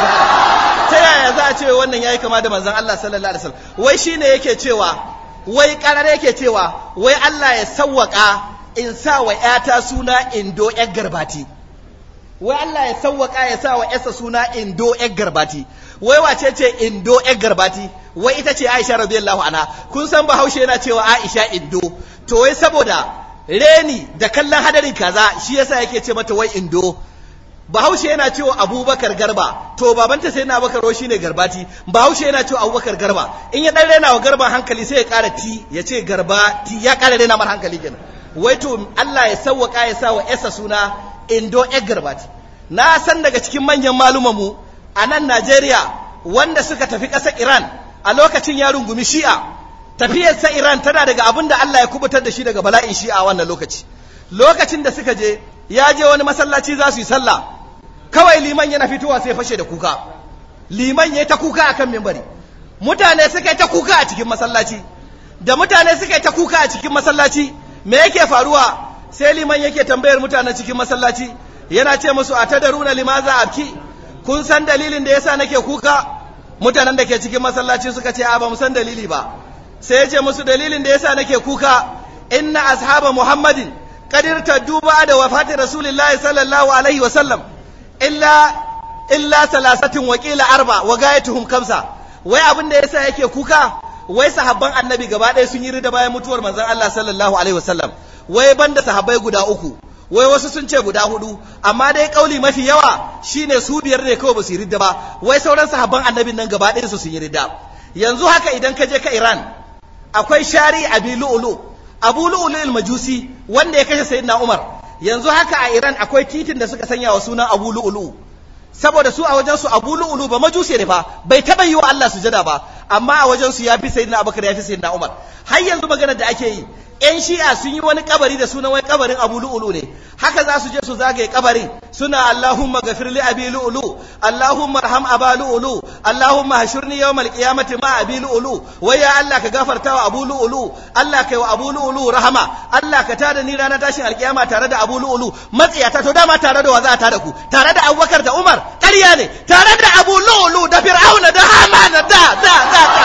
ta yaya za a ce wannan yayi kama da manzon Allah sallallahu alaihi wasallam wai shine yake cewa wai karar yake cewa wai Allah ya sawwaka in sa wa 'yata suna indo 'yar garbati wai Allah ya sawwaka ya sa wa yasa suna indo yar garbati wai wace ce indo yar garbati wai ita ce Aisha radiyallahu anha kun san Bahaushe yana cewa Aisha indo to wai saboda reni da kallon hadari kaza shi yasa yake ce mata wai indo Bahaushe yana cewa Abubakar Garba to babanta sai na bakaro shi ne Garbati Bahaushe yana cewa Abubakar Garba in ya dan rena wa Garba hankali sai ya kara ti ya ce Garba ti ya kara rena mar hankali kenan wai to Allah ya sauwaka ya sa wa yasa suna indo yar Garbati na san daga cikin manyan malumanmu a nan Najeriya wanda suka tafi ƙasar Iran a lokacin ya rungumi shi'a tafiyarsa Iran tana daga abin da Allah ya kubutar da shi daga bala'in shi'a wannan lokaci lokacin da suka je ya je wani masallaci za su yi sallah kawai liman yana fitowa sai fashe da kuka liman ya ta kuka akan mimbari mutane suka yi ta kuka a cikin masallaci da mutane suka yi ta kuka a cikin masallaci me yake faruwa sai liman yake tambayar mutanen cikin masallaci yana ce musu atadaruna limaza abki kun san dalilin da yasa nake kuka mutanen da ke cikin masallaci suka ce a ba mu san dalili ba sai ya ce musu dalilin da yasa nake kuka inna ashaba muhammadin qadir taduba da wafati rasulillahi sallallahu alaihi wa sallam illa illa salasatin wa qila arba wa gayatuhum kamsa wai abin da yasa yake kuka wai sahabban annabi gaba ɗaya sun yi rida bayan mutuwar manzon Allah sallallahu alaihi wa sallam wai banda sahabbai guda uku wai wasu sun ce guda hudu amma dai kauli mafi yawa shine su biyar ne kawai basu ridda ba wai sauran sahabban annabin nan gaba ɗayan su sun yi ridda yanzu haka idan ka je ka Iran akwai shari abi lu'lu abu lu'lu al-majusi wanda ya kashe sayyidina Umar yanzu haka a Iran akwai titin da suka sanya wa sunan abu lu'lu saboda su a wajen su abu lu'ulu ba majusi ne ba bai taba yi wa Allah sujada ba amma a wajen su ya fi sayyidina Abubakar ya fi sayyidina Umar har yanzu magana da ake yi 'yan shi'a sun yi wani kabari da sunan wai kabarin abu lu'ulu ne haka za su je su zagaye kabarin suna allahumma gafir li abi lu'ulu allahumma arham aba lu'ulu allahumma hashurni yawmal qiyamati ma abi lu'ulu wai ya allah ka gafarta wa abu lu'ulu allah kai wa abu lu'ulu rahama allah ka tada ni rana tashin alƙiyama tare da abu lu'ulu matsiyata to dama tare da wa za ta da ku tare da abubakar da umar ƙarya ne tare da abu lu'ulu da fir'auna da hamana da da da da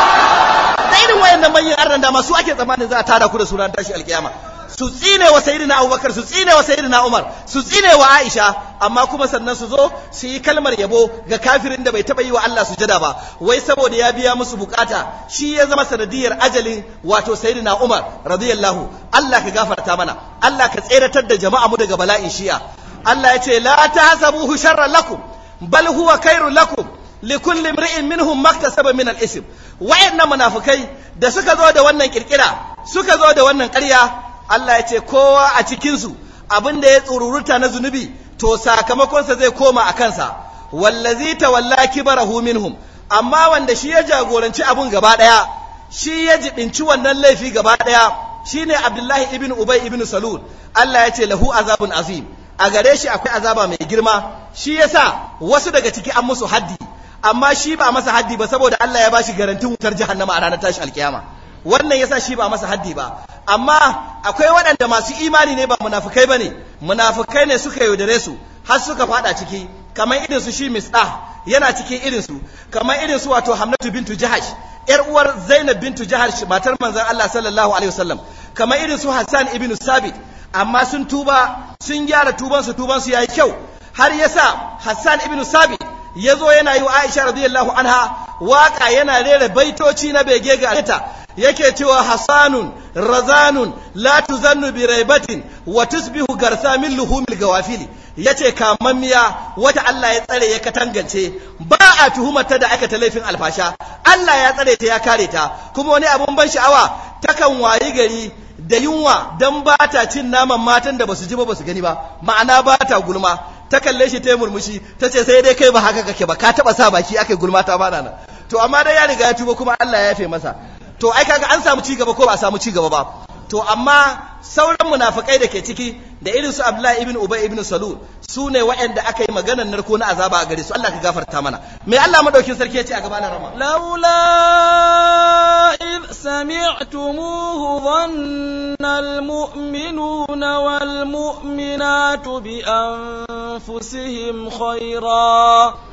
da irin wayannan manyan arnan da masu ake tsammanin za a tada ku da sunan tashi alkiyama su tsine wa sayyidina Abubakar su tsine wa sayyidina Umar su tsine wa Aisha amma kuma sannan su zo su yi kalmar yabo ga kafirin da bai taba yi wa Allah sujada ba wai saboda ya biya musu bukata shi ya zama sanadiyar ajalin wato sayyidina Umar radiyallahu Allah ka gafarta mana Allah ka tseratar da jama'a mu daga bala'in shi'a Allah ya ce la tahsabuhu sharran lakum bal huwa khairul lakum likulli imri'in minhum maktasaba min al-ism wa'annan munafikai da suka zo da wannan kirkira suka zo da wannan ƙarya Allah ya ce kowa a cikinsu abin da ya tsururuta na zunubi to sakamakonsa zai koma a kansa wallazi tawalla kibarahu minhum amma wanda shi ya jagoranci abun gaba ɗaya shi ya jibinci wannan laifi gaba ɗaya shine Abdullahi ibn Ubay ibn Salul Allah ya ce lahu azabun azim a gare shi akwai azaba mai girma shi yasa wasu daga ciki an musu haddi amma shi ba masa haddi ba saboda Allah ya bashi garantin wutar jahannama a ranar tashi alkiyama wannan yasa shi ba masa haddi ba amma akwai waɗanda masu imani ne ba munafukai bane munafukai ne suka yaudare su har suka fada ciki kamar irin su shi misdah yana cikin irin su kamar irin su wato Hamnatu bintu jahaj yar uwar Zainab bintu jahaj matar manzon Allah sallallahu alaihi wasallam kamar irin su Hassan ibnu Sabit amma sun tuba sun gyara tuban su tuban su yayi kyau har yasa Hassan ibnu Sabit yazo yana yi wa Aisha radiyallahu anha waka yana rera baitoci na bege ga ta yake cewa hasanun razanun la tuzannu bi raibatin wa tusbihu garsa min luhumil gawafili yace kamammiya wata Allah ya tsare ya katangance ba a tuhumarta da aka ta laifin alfasha Allah ya tsare ta ya kare ta kuma wani abun ban sha'awa takan wayi gari da yunwa dan ba ta cin naman matan da basu ji ba basu gani ba ma'ana ba ta gulma ta kalle shi ta murmushi ta ce sai dai kai ba haka kake ba ka taba sa baki akai gulma ta ba nan to amma dai ya riga ya tuba kuma Allah ya yafe masa to ai kaga an samu ci gaba ko ba a samu ci gaba ba to amma sauran munafikai da ke ciki da irin su Abdullahi ibn Ubay ibn Salul su ne waɗanda aka yi maganar narko na azaba a gare su Allah ka gafarta mana me Allah madaukin sarki ya ce a gabanin rama laula id sami'tumuhu dhanna almu'minuna wal mu'minatu bi anfusihim khayra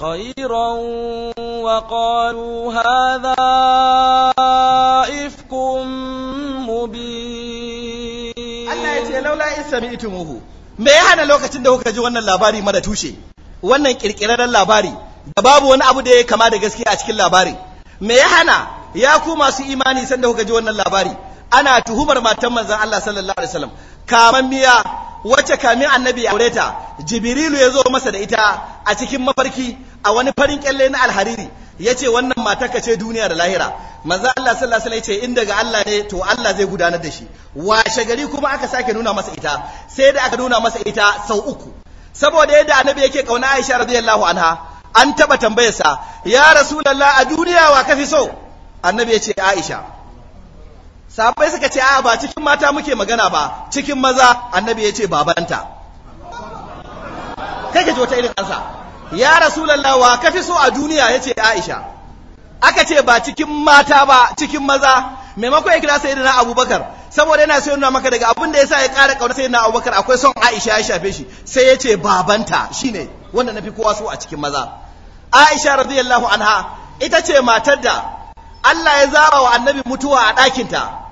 خيرا وقالوا هذا إفك مبين الله يتي لولا إن سمعتموه me ya hana lokacin da kuka ji wannan labari mara tushe wannan kirkirarren labari da babu wani abu da ya kama da gaskiya a cikin labarin me ya hana ya ku masu imani sanda kuka ji wannan labari ana tuhumar matan manzon Allah sallallahu alaihi wasallam kamammiya wacce kamin annabi ya aure ta jibrilu ya zo masa da ita a cikin mafarki a wani farin kyalle na alhariri ya ce wannan matarka ce duniya da lahira manzo Allah sallallahu alaihi wasallam ya ce in daga Allah ne to Allah zai gudanar da shi washe gari kuma aka sake nuna masa ita sai da aka nuna masa ita sau uku saboda yadda annabi yake kauna Aisha radiyallahu anha an taba tambayarsa ya rasulullah a duniya wa kafi so annabi ya ce Aisha sahabbai suka ce a ba cikin mata muke magana ba cikin maza annabi ya ce babanta kai ka ji wata irin ansa ya rasulallah wa kafi so a duniya ya ce aisha aka ce ba cikin mata ba cikin maza maimakon ya kira sai na abubakar saboda yana so nuna maka daga abin da ya sa ya kara kauna sai na abubakar akwai son aisha ya shafe shi sai ya ce babanta shine wanda na fi kowa so a cikin maza aisha radiyallahu anha ita ce matar da Allah ya zaba wa annabi mutuwa a ɗakinta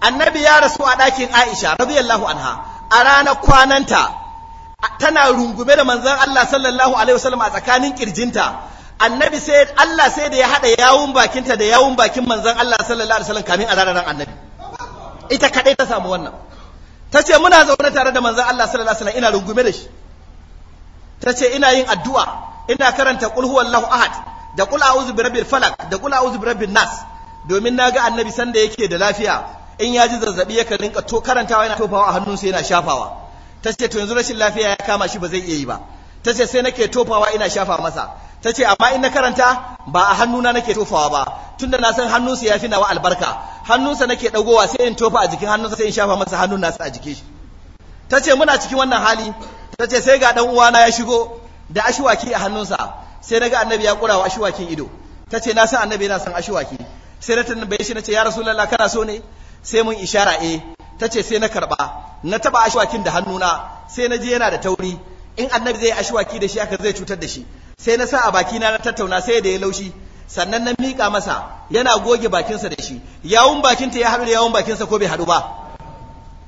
annabi ya rasu a ɗakin aisha radiyallahu anha a ranar kwananta tana rungume da manzon Allah sallallahu alaihi wasallam a tsakanin kirjinta annabi sai Allah sai da ya hada yawun bakinta da yawun bakin manzon Allah sallallahu alaihi wasallam kamin a ranar annabi ita kadai ta samu wannan ta ce muna zaune tare da manzon Allah sallallahu alaihi wasallam ina rungume da shi ta ce ina yin addu'a ina karanta qul huwallahu ahad da qul a'udhu birabbil da qul a'udhu birabbin nas domin naga annabi sanda yake da lafiya in ya ji zazzabi ya rinka to karantawa yana tofawa a hannunsa yana shafawa ta ce to yanzu rashin lafiya ya kama shi ba zai iya yi ba ta ce sai nake tofawa ina shafa masa ta ce amma in na karanta ba a hannuna nake tofawa ba tunda na san hannunsa ya fi nawa albarka hannunsa nake dagowa sai in tofa a jikin hannunsa sai in shafa masa hannun nasa a jikin shi ta ce muna cikin wannan hali ta ce sai ga dan uwana ya shigo da ashiwaki a hannunsa sai naga annabi ya kurawa ashiwakin ido ta ce na san annabi yana san ashiwaki sai na tambaye shi na ce ya rasulullah kana so ne sai mun ishara eh ce sai na karba na taba ashwakin da hannuna sai na ji yana da tauri in annabi zai ashwaki da shi aka zai cutar da shi sai na sa a baki na na tattauna sai da ya laushi sannan na miƙa masa yana goge bakinsa da shi yawun bakinta ya haɗu da yawun bakinsa ko bai haɗu ba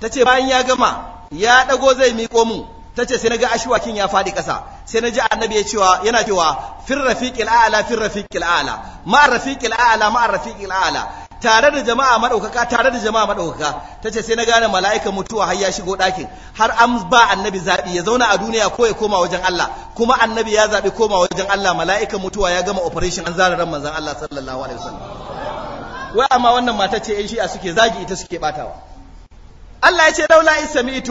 ta ce bayan ya gama ya ɗago zai miƙo mu. ta ce sai na ga ashwakin ya faɗi ƙasa sai na ji annabi ya cewa yana cewa fir rafiqil a'la fir rafiqil a'la ma rafiqil a'la ma tare da jama'a maɗaukaka, tare da jama'a ta tace sai na gane mala'ikan mutuwa har ya shigo ɗakin har an ba annabi zabi ya zauna a duniya ko ya koma wajen Allah kuma annabi ya zabi koma wajen Allah mala'ikan mutuwa ya gama operation an zara ran manzon Allah sallallahu alaihi wasallam wai amma wannan mata ce ƴan shi'a suke zagi ita suke ɓatawa. Allah ya ce laula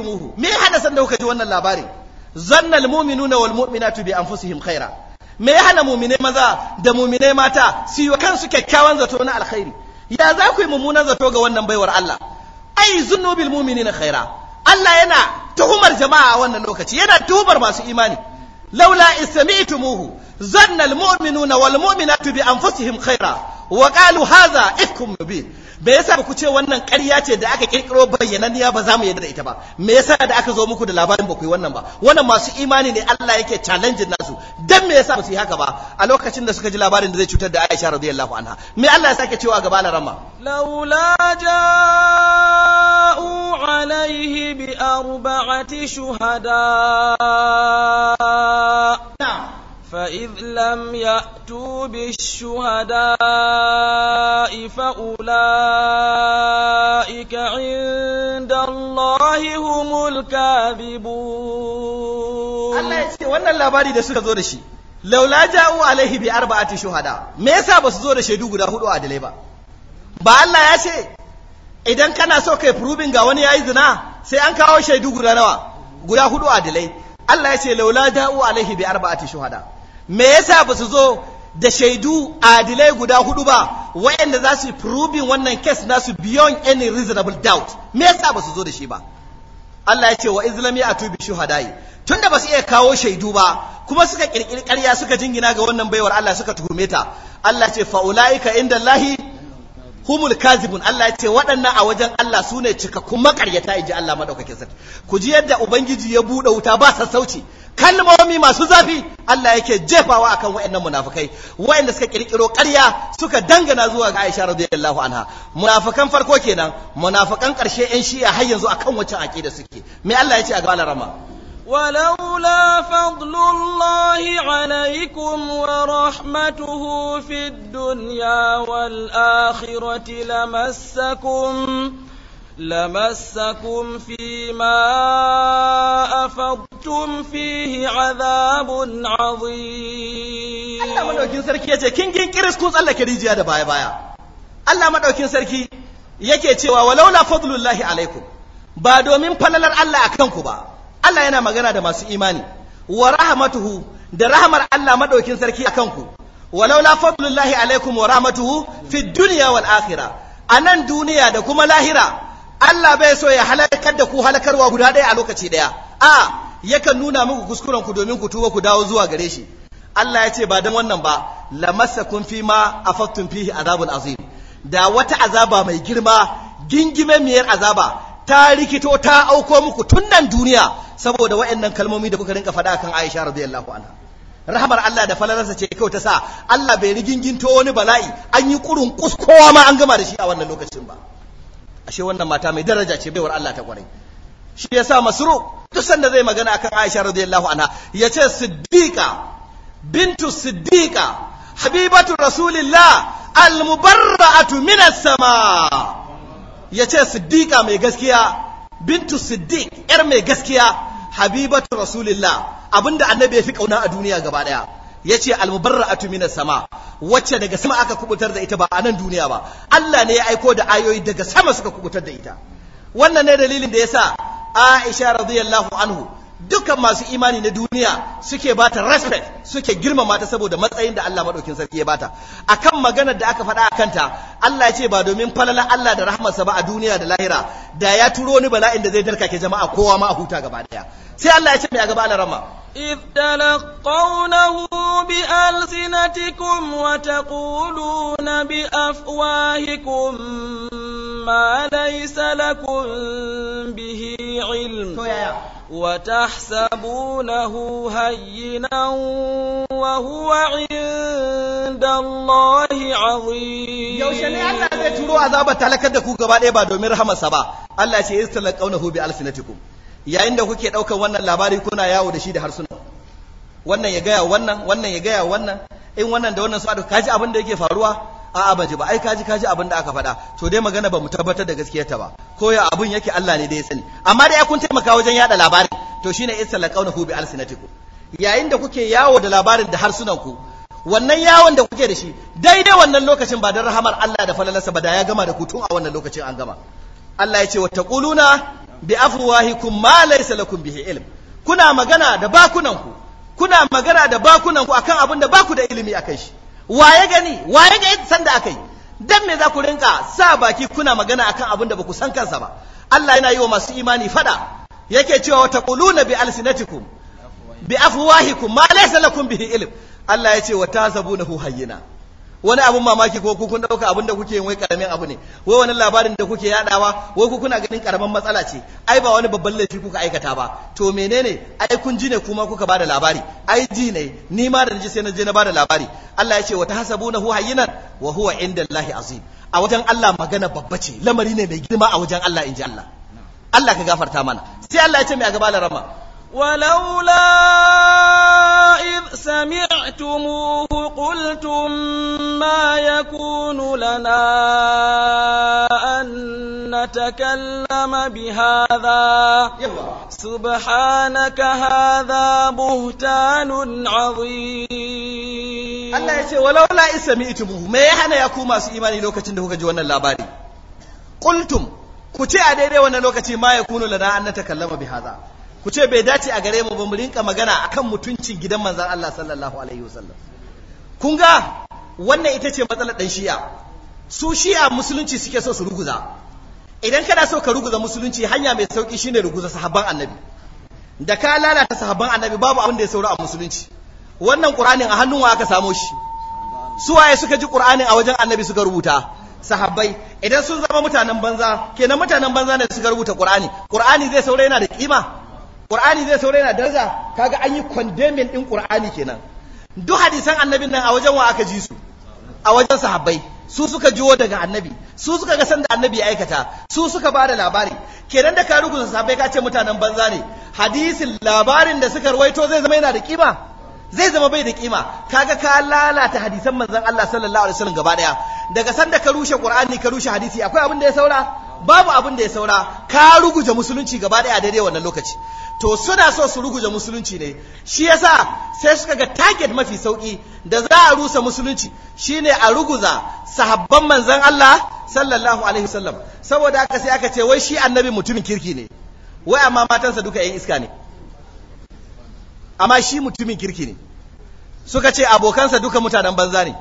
muhu me hada san da kuka ji wannan labarin zannal mu'minuna wal mu'minatu bi anfusihim khaira me ya hana mumine maza da mumine mata su yi wa kansu kyakkyawan zato na alkhairi ya za ku yi mummunan zato ga wannan baiwar Allah ai zunnu mumini na khaira Allah yana tuhumar jama'a a wannan lokaci yana tuhumar masu imani laula istami'tumuhu zanna al mu'minuna wal mu'minatu bi anfusihim khaira wa qalu hadha ifkum mubin me yasa ba ku ce wannan ƙarya ce da aka kirkiro bayyananniya ba za mu yarda da ita ba me yasa da aka zo muku da labarin ba ku yi wannan ba wannan masu imani ne Allah yake challenge nasu dan me yasa ba su yi haka ba a lokacin da suka ji labarin da zai cutar da Aisha radiyallahu anha me Allah ya sake cewa gaba rama laula ja'u alaihi bi arba'ati shuhada فإذ لم يأتوا بالشهداء فأولئك عند الله هم الكاذبون Allah ya ce wannan labari da suka zo da shi ja'u alaihi bi arba'ati shuhada me yasa ba su zo da shaidu guda hudu a dalai ba ba Allah ya ce idan kana so kai proving ga wani ya yi zina sai an kawo shaidu guda nawa guda hudu a dalai Allah ya ce laula ja'u alaihi bi arba'ati shuhada me yasa ba su zo da shaidu adilai guda hudu ba wayanda za su probing wannan case nasu beyond any reasonable doubt me yasa ba su zo da shi ba Allah ya ce wa izlami atu bi shuhadai tunda ba su iya kawo shaidu ba kuma suka kirkiri ƙarya suka jingina ga wannan baiwar Allah suka tuhume ta Allah ya ce fa ulaika inda lahi humul kazibun Allah ya ce waɗannan a wajen Allah su ne cikakkun maƙaryata in ji Allah maɗaukakin sarki ku ji yadda Ubangiji ya buɗe wuta ba sassauci kalmomi masu zafi Allah yake jefawa akan waɗannan munafakai waɗanda suka kirkiro ƙarya suka dangana zuwa ga Aisha radiyallahu anha munafakan farko kenan munafikan ƙarshe ƴan shi'a har yanzu akan wancan aqida suke me Allah ya ce a gaban rama ولولا فضل الله عليكم ورحمته في الدنيا والآخرة لمسكم لمسكم فيما أفضل متم fihi azabun عظيم Allah madaukin sarki yace kin gin kiris kun tsallake rijiya da baya baya Allah madaukin sarki yake cewa walaula fadlullahi alaikum ba domin falalar Allah akan ku ba Allah yana magana da masu imani wa rahmatuhu da rahmar Allah madaukin sarki akan ku walaula fadlullahi alaikum wa rahmatuhu fid dunya wal akhirah anan duniya da kuma lahira Allah bai so ya halakar da ku halakarwa guda ɗaya a lokaci ɗaya a yakan nuna muku kuskuren ku domin ku tuba ku dawo zuwa gare shi Allah ya ce ba dan wannan ba lamassakum fi ma afattum fihi azabun azim da wata azaba mai girma gingime miyar azaba ta rikito ta auko muku tun nan duniya saboda waɗannan kalmomi da kuka rinka faɗa kan Aisha radiyallahu anha rahmar Allah da falalarsa ce kawai ta sa Allah bai riginginto wani bala'i an yi kurun kuskowa ma an gama da shi a wannan lokacin ba ashe wannan mata mai daraja ce baiwar Allah ta kwarai shi yasa masruq duk sanda zai magana akan Aisha radiyallahu anha ya ce siddiqa bintu siddiqa habibatu rasulillah almubarra'atu min as-sama ce siddiqa mai gaskiya bintu siddiq yar mai gaskiya habibatu rasulillah abinda annabi ya fi kauna a duniya gaba daya yace almubarra'atu min as-sama wacce daga sama aka kubutar da ita ba a nan duniya ba Allah ne ya aiko da ayoyi daga sama suka kubutar da ita wannan ne dalilin da yasa Aisha radiyallahu anhu dukkan masu imani na duniya suke bata respect suke girmama ta saboda matsayin da Allah madaukin sarki ya bata akan maganar da aka faɗa akan ta Allah ya ce ba domin falala Allah da rahmarsa ba a duniya da lahira da ya turo ni bala'in da zai ke jama'a kowa ma a huta gaba daya sai Allah ya ce mai a gaba alarama إذ تلقونه بألسنتكم وتقولون بأفواهكم ما ليس لكم علم وتحسبونه هينا وهو عند الله عظيم yaushe ne Allah zai turo azaba talakar da ku gaba ɗaya ba domin rahamarsa ba Allah ce istalqawnahu bi alsinatikum yayin da kuke ɗaukar wannan labari kuna yawo da shi da harsuna wannan ya gaya wannan wannan ya gaya wannan in wannan da wannan su kaji abin da yake faruwa a'a baje ba ai kaji kaji abin da aka faɗa to dai magana ba mu tabbatar da gaskiyarta ba ko ya abun yake Allah ne da ya sani amma dai kun taimaka wajen yada labarin to shine istalaqawnahu bi alsinatiku yayin da kuke yawo da labarin da harsunan ku wannan yawon da kuke da shi daidai wannan lokacin ba don rahamar Allah da falalarsa ba da ya gama da ku tun a wannan lokacin an gama Allah ya ce wataquluna bi afwahikum ma laysa lakum bihi ilm kuna magana da bakunan kuna magana da bakunanku akan abin da baku da ilimi akan shi Wa ya gani Wa ya gani sanda aka yi dan me za ku rinka sa baki kuna magana akan abin da baku san kansa ba Allah yana yi wa masu imani fada yake cewa wata quluna bi alsinatikum bi afwahikum ma laysa lakum bihi ilm Allah ya ce wa tazabunahu hayyina wani abun mamaki ko kukun ɗauka abin da kuke yin wai karamin abu ne wai wani labarin da kuke yadawa wai ku kuna ganin karaman matsala ce ai ba wani babban laifi kuka aikata ba to menene ai kun ji ne kuma kuka bada labari ai ji ne ni ma da ji sai na je na bada labari Allah ya ce wa huwa hayyinan wa huwa indallahi azim a wajen Allah magana babba ce lamari ne mai girma a wajen Allah inji Allah Allah ka gafarta mana sai Allah ya ce mai a gaba larama ولولا إذ سمعتموه kunu ما يكون لنا أن نتكلم بهذا سبحانك هذا بهتان عظيم Allah ya ce walaula in sami'tumuhu me ya ya ku masu imani lokacin da kuka ji wannan labari qultum ku ce a daidai wannan lokaci ma yakunu lana an natakallama bi hadha ku ce bai dace a gare mu ba mu rinka magana akan mutuncin gidan manzon Allah sallallahu alaihi wasallam kun ga wannan ita ce matsalar dan shi'a su shi'a musulunci suke so su ruguza idan kana so ka ruguza musulunci hanya mai sauki shine ruguza sahabban annabi da ka lalata sahabban annabi babu abin da ya saura a musulunci wannan qur'anin a hannun wa aka samo shi su waye suka ji qur'anin a wajen annabi suka rubuta sahabbai idan sun zama mutanen banza kenan mutanen banza ne suka rubuta qur'ani qur'ani zai saura yana da kima Qur'ani zai saurayi na daraja kaga an yi condemning din Qur'ani kenan duk hadisan annabin nan a wajen wa aka ji su a wajen sahabbai su suka jiwo daga annabi su suka ga sanda annabi ya aikata su suka da labari kenan da ka rubuta sahabbai ka ce mutanen banza ne hadisin labarin da suka ruwaito zai zama yana da kima zai zama bai da kima kaga ka lalata hadisan manzon Allah sallallahu alaihi wasallam gaba daya daga sanda ka rushe Qur'ani ka rushe hadisi akwai abin da ya saura babu abin da ya saura ka ruguje musulunci gaba daya a daidai wannan lokaci to suna so su ruguje musulunci ne shi yasa sai suka ga target mafi sauki da za a rusa musulunci shine a ruguza sahabban manzon Allah sallallahu alaihi wasallam saboda aka sai aka ce wai shi annabi mutumin kirki ne wai amma matansa duka yan iska ne amma shi mutumin kirki ne suka ce abokansa duka mutanen banza ne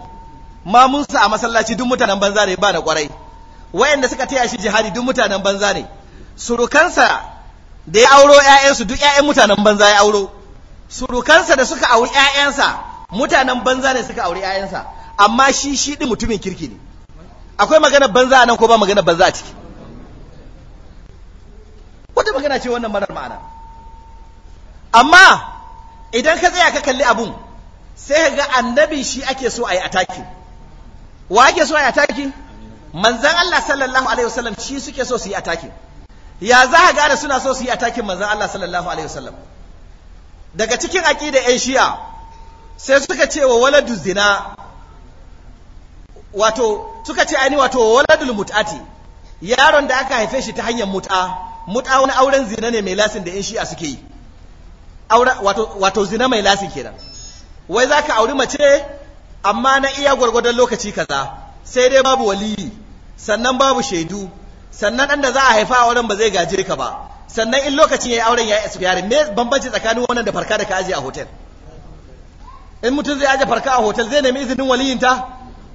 mamunsa a masallaci duk mutanen banza ne ba na kwarai wayanda suka taya shi jihadi duk mutanen banza ne surukansa da ya auro ‘ya'yansu duk ‘ya'yan mutanen banza ya auro surukansa da suka auri ‘ya'yansa mutanen banza ne suka auri ‘ya'yansa amma shi shi ɗin mutumin kirki ne akwai magana banza a nan ko ba magana banza a ciki wata magana ce wannan marar ma'ana amma idan ka tsaya ka kalli abun sai ka ga annabi shi ake so a yi ataki wa ake so a yi ataki manzan Allah sallallahu alaihi wasallam shi suke so su yi ataki ya za a gane suna so su yi atakin manzan Allah sallallahu alaihi wasallam daga cikin aƙida 'yan shi'a sai suka ce wa waladu zina wato suka ce aini wato waladul mut'ati yaron da aka haife shi ta hanyar mut'a mut'a wani auren zina ne mai lasin da 'yan shi'a suke yi wato zina mai lasin kenan wai za ka auri mace amma na iya gwargwadon lokaci kaza sai dai babu waliyi sannan babu shaidu sannan ɗan da za a haifa a wurin ba zai gaje ka ba sannan in lokacin yayi auren ya yayi yare me bambanci tsakanin wannan da farka da ka aje a hotel in mutum zai aje farka a hotel zai nemi izinin waliyinta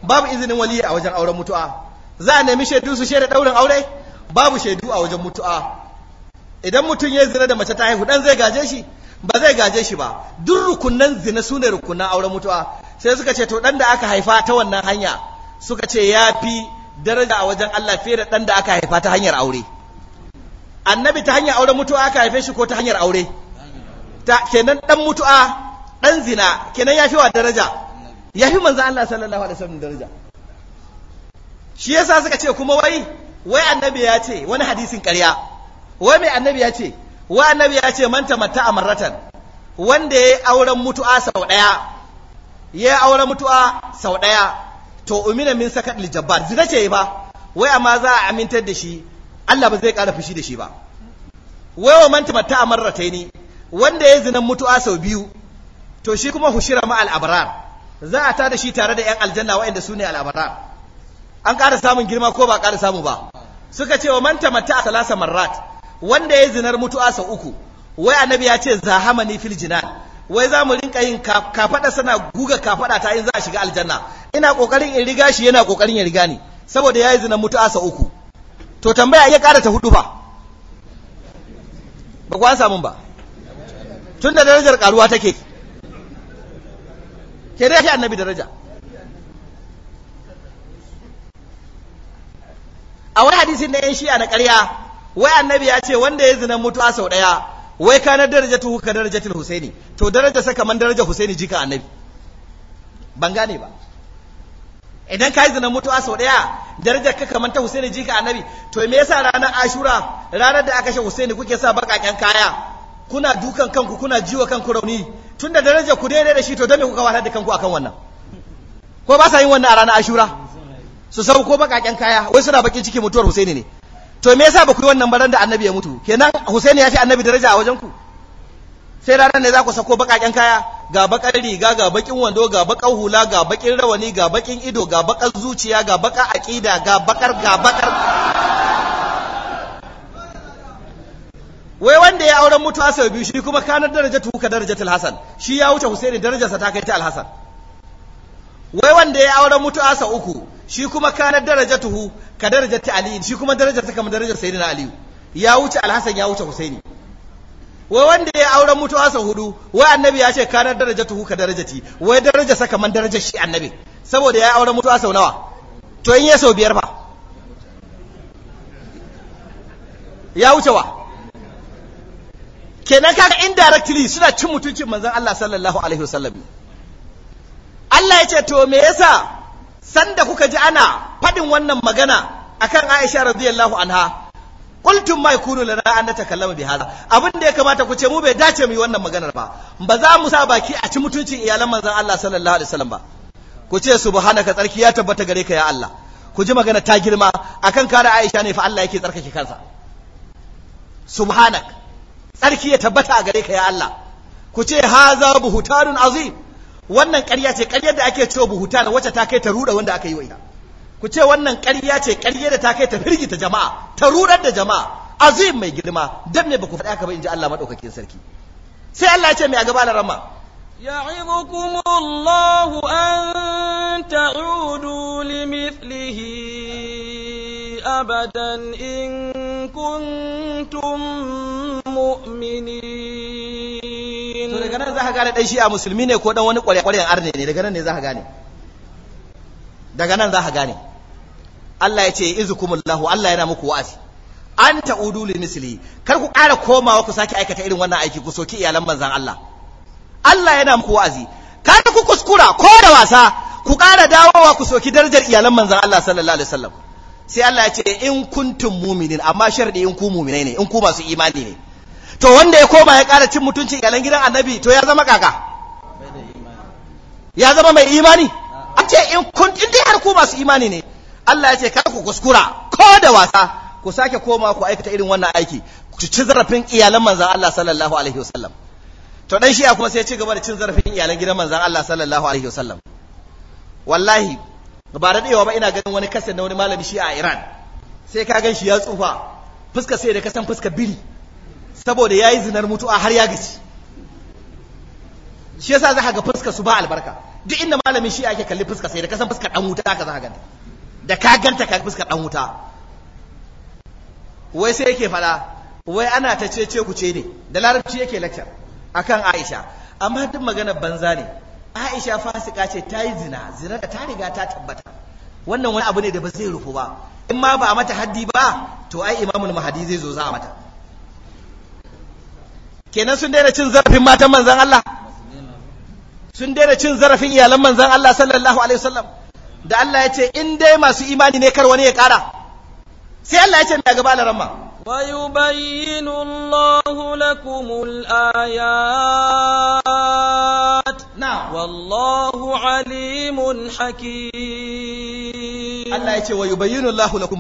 babu izinin waliyi a wajen auren mutu'a za a nemi shaidu su shaida daurin aure babu shaidu a wajen mutu'a idan mutum ya zina da mace ta haihu ɗan zai gaje shi ba zai gaje shi ba duk rukunan zina su ne rukunan auren mutu'a sai suka ce to dan da aka haifa ta wannan hanya suka ce ya fi daraja a wajen Allah fiye da ɗan da aka haifa ta hanyar aure annabi ta hanyar aure mutuwa aka haife shi ko ta hanyar aure ta kenan ɗan mutuwa, ɗan zina kenan fi wa daraja fi manzan Allah sallallahu alaihi wasallam daraja shi yasa suka ce kuma wai wai annabi ya ce wani hadisin ƙarya wai mai annabi ya ce wai annabi ya ce manta matta marratan. wanda ya yi auren mutuwa sau ɗaya. Ya yi auren mutuwa sau ɗaya. to umina min saka Aljabbar jabbar zina ce ba wai amma za a amintar da shi Allah ba zai ƙara fushi da shi ba wai wa man tamatta amarratai ni wanda ya zina mutu'a sau biyu to shi kuma hushira ma al-abrar za a tada shi tare da yan aljanna waɗanda su ne al-abrar an ƙara samun girma ko ba ƙara samu ba suka ce wa man tamatta salasa marrat wanda ya zinar mutu'a sau uku wai annabi ya ce zahamani fil jinan wai za mu rinka yin kafaɗa sana guga kafaɗa ta in za a shiga aljanna ina ƙoƙarin in riga shi yana ƙoƙarin ya riga ni saboda ya yi mutu asa uku to tambaya iya ƙara ta hudu ba ba ku samun ba tun da darajar ƙaruwa take ke da yake annabi daraja a wani hadisin na yan shi'a na ƙarya wai annabi ya ce wanda ya zina mutu sau ɗaya wai kana tuhu ka daraja til husaini to daraja sa kaman daraja husaini jika annabi ban gane ba idan ka yi mutu mutuwa sau ɗaya daraja ka kamanta Husaini jika annabi to me yasa ranar Ashura ranar da aka shi Husaini kuke sa bakakken kaya kuna dukan kanku kuna jiwa kanku rauni tunda daraja ku daidai da shi to don me kuka wata da kanku akan wannan ko ba sa yin wannan a ranar Ashura su sauko ko kaya wai suna bakin ciki mutuwar Husaini ne to me yasa ba ku yi wannan baran da annabi ya mutu kenan husaini ya fi annabi daraja a wajen ku sai ranar ne za ku sako baƙaƙen kaya ga bakar riga ga bakin wando ga bakar hula ga bakin rawani ga bakin ido ga bakar zuciya ga bakar aqida ga bakar ga bakar wai wanda ya auren mutuwa sau biyu shi kuma kanar daraja ka darajatul hasan shi ya wuce husaini darajarsa ta kai ta alhasan wai wanda ya auren mutuwa sa uku shi kuma kana tuhu ka daraja ta ali shi kuma daraja darajarsa kamar darajar sayyidina ali ya wuce Alhassan, ya wuce husaini wai wanda ya auren mutuwa sa hudu wai annabi ya ce kana tuhu ka daraja ti. wai daraja sa kamar darajar shi annabi saboda ya auren mutuwa sau nawa to in ya sau biyar ba ya wuce wa kenan kaga indirectly suna cin mutuncin manzon Allah sallallahu alaihi wasallam Allah ya ce to me yasa sanda kuka ji ana faɗin wannan magana akan Aisha radiyallahu anha qultum ma yakunu lana an natakallama bi hada abin da ya kamata ku ce mu bai dace mu yi wannan maganar ba ba za mu sa baki a ci mutuncin iyalan manzon Allah sallallahu alaihi wasallam ba ku ce subhanaka tsarki ya tabbata gare ka ya Allah ku ji magana ta girma akan kare Aisha ne fa Allah yake tsarkake kansa subhanak tsarki ya tabbata a gare ka ya Allah ku ce haza buhutanun azim wannan ƙarya ce ƙaryar da ake cewa buhuta da wacce ta kai ta ruɗa wanda aka yi wa ita ku ce wannan ƙarya ce ƙarya da ta kai ta firgita jama'a ta rurar da jama'a azim mai girma dan ne baku faɗi haka ba inji Allah madaukakin sarki sai Allah ya ce mai a gaba ramma. ya يعظكم الله أن تعودوا لمثله أبدا إن كنتم مؤمنين zaka ka gane ɗan shi'a musulmi ne ko ɗan wani ƙwarya-ƙwaryan arne ne daga nan ne za ka gane daga nan za gane Allah ya ce izukumullahu Allah yana muku wa'azi an ta'udu li misli kar ku ƙara komawa ku sake aikata irin wannan aiki ku soki iyalan manzan Allah Allah yana muku wa'azi kar ku kuskura ko da wasa ku ƙara dawowa ku soki darajar iyalan manzan Allah sallallahu alaihi wasallam sai Allah ya ce in kuntum mu'minin amma sharadi in ku mu'minai ne in ku masu imani ne to wanda ya koma ya kara cin mutunci iyalan gidan annabi to ya zama kaka ya zama mai imani an ce in kun dai har ku masu imani ne Allah ya ce kar ku kuskura ko da wasa ku sake koma ku aikata irin wannan aiki ku ci zarafin iyalan manzon Allah sallallahu alaihi wasallam to dan shi kuma sai ya ci gaba da cin zarafin iyalan gidan manzon Allah sallallahu alaihi wasallam wallahi ba da daewa ba ina ganin wani kasan na wani malami shi a Iran sai ka gan shi ya tsufa fuska sai da kasan fuska biri saboda ya yi zinar mutuwa har ya gaci shi yasa za ga fuska su ba albarka duk inda malamin shi ake kalli fuska sai da kasan fuskar dan wuta ka za ganta da ka ganta ka fuskar dan wuta wai sai yake fada wai ana ta cece ku ce ne da larabci yake a akan Aisha amma duk maganar banza ne Aisha fasika ce ta yi zina zina da ta riga ta tabbata wannan wani abu ne da ba zai rufu ba in ma ba a mata haddi ba to ai imamul mahadi zai zo za a mata kenan sun daina cin zarafin matan manzan Allah sun daina cin zarafin iyalan manzan Allah sallallahu alaihi wasallam da Allah ya ce in dai masu imani ne kar wani ya kara sai Allah ya ce mai gaba da ramma ويبين الله لكم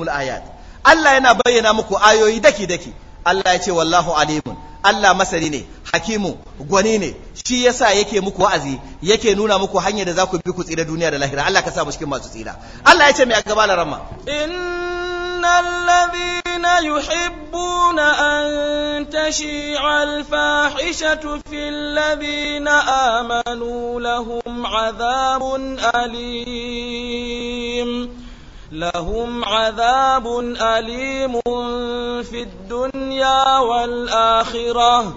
الآيات Allah yana bayyana muku ayoyi daki-daki Allah ya ce wallahu alimun Allah masani ne hakimu gwani ne shi yasa yake muku wa'azi yake nuna muku hanyar da za ku bi ku tsira duniya da lahira Allah ka sa mu cikin masu tsira Allah ya ce mai a gaba da rama innal ladina yuhibbuna an tashi'a al-fahishatu fil ladina amanu lahum adhabun alim لهم عذاب أليم في الدنيا والآخرة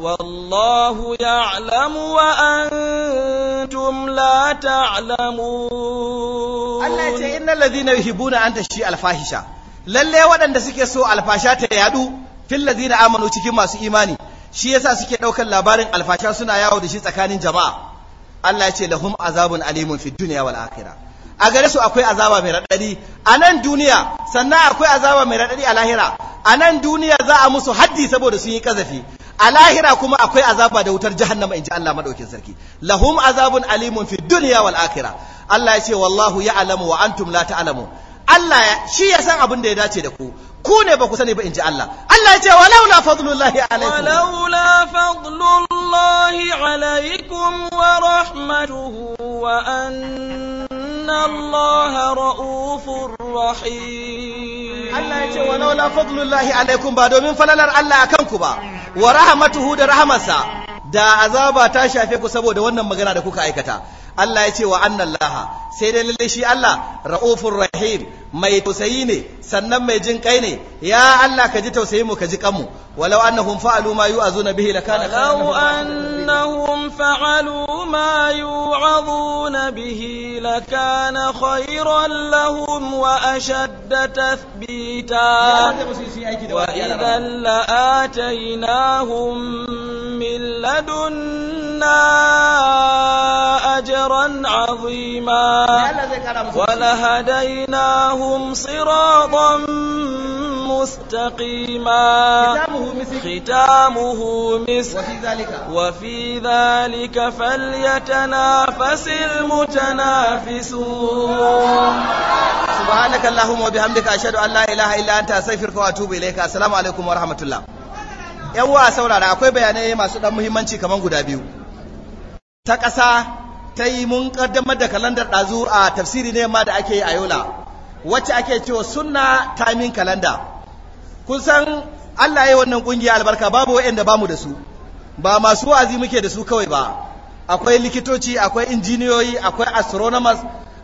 والله يعلم وأنتم لا تعلمون الله يتعي إن الذين يحبون أن تشيء الفاحشة lalle waɗanda suke so alfasha ta yadu fil ladina amanu cikin masu imani shi yasa suke ɗaukar labarin alfasha suna yawo da shi tsakanin jama'a Allah ya ce lahum azabun alimun fid dunya wal akhirah a gare su akwai azaba mai raɗaɗi a nan duniya sannan akwai azaba mai raɗaɗi a lahira a nan duniya za a musu haddi saboda sun yi kazafi a lahira kuma akwai azaba da wutar jahannama in ji Allah madaukin sarki lahum azabun alimun fi dunya wal akhirah Allah ya ce wallahu ya'lamu wa antum la ta'lamu Allah shi ya san abin da ya dace da ku ku ne ba ku sani ba in ji Allah Allah ya ce walaula fadlullahi alaikum walaula fadlullahi alaikum wa rahmatuhu wa an إن الله رؤوف رحيم الله يجي ولولا فضل الله عليكم بعد من فللر الله أكنكم ورحمته da rahamarsa da azaba ta shafe ku saboda wannan magana da kuka aikata Allah ya ce wa Laha sai dai lalle shi Allah ra'ufur rahim mai tausayi ne sannan mai jin kai ne ya Allah ka ji tausayi mu ka ji kanmu walau annahum fa'alu ma yu'azuna bihi lakana walau annahum fa'alu ma yu'azuna bihi lakana khayran lahum wa ashadda tathbita wa idan la'atainahum من لدنا أجرا عظيما ولهديناهم صراطا مستقيما ختامه مسك وفي ذلك فليتنافس المتنافسون سبحانك اللهم وبحمدك أشهد أن لا إله إلا أنت أستغفرك وأتوب إليك السلام عليكم ورحمة الله yan wa saurara akwai bayanai masu dan muhimmanci kamar guda biyu ta ƙasa ta yi mun kaddamar da kalandar ɗazu a tafsiri ne ma da ake yi a yola wacce ake cewa sunna timing kalanda kun san Allah ya yi wannan ƙungiya albarka babu waɗanda ba mu da su ba masu wa'azi muke da su kawai ba akwai likitoci akwai injiniyoyi akwai astronomers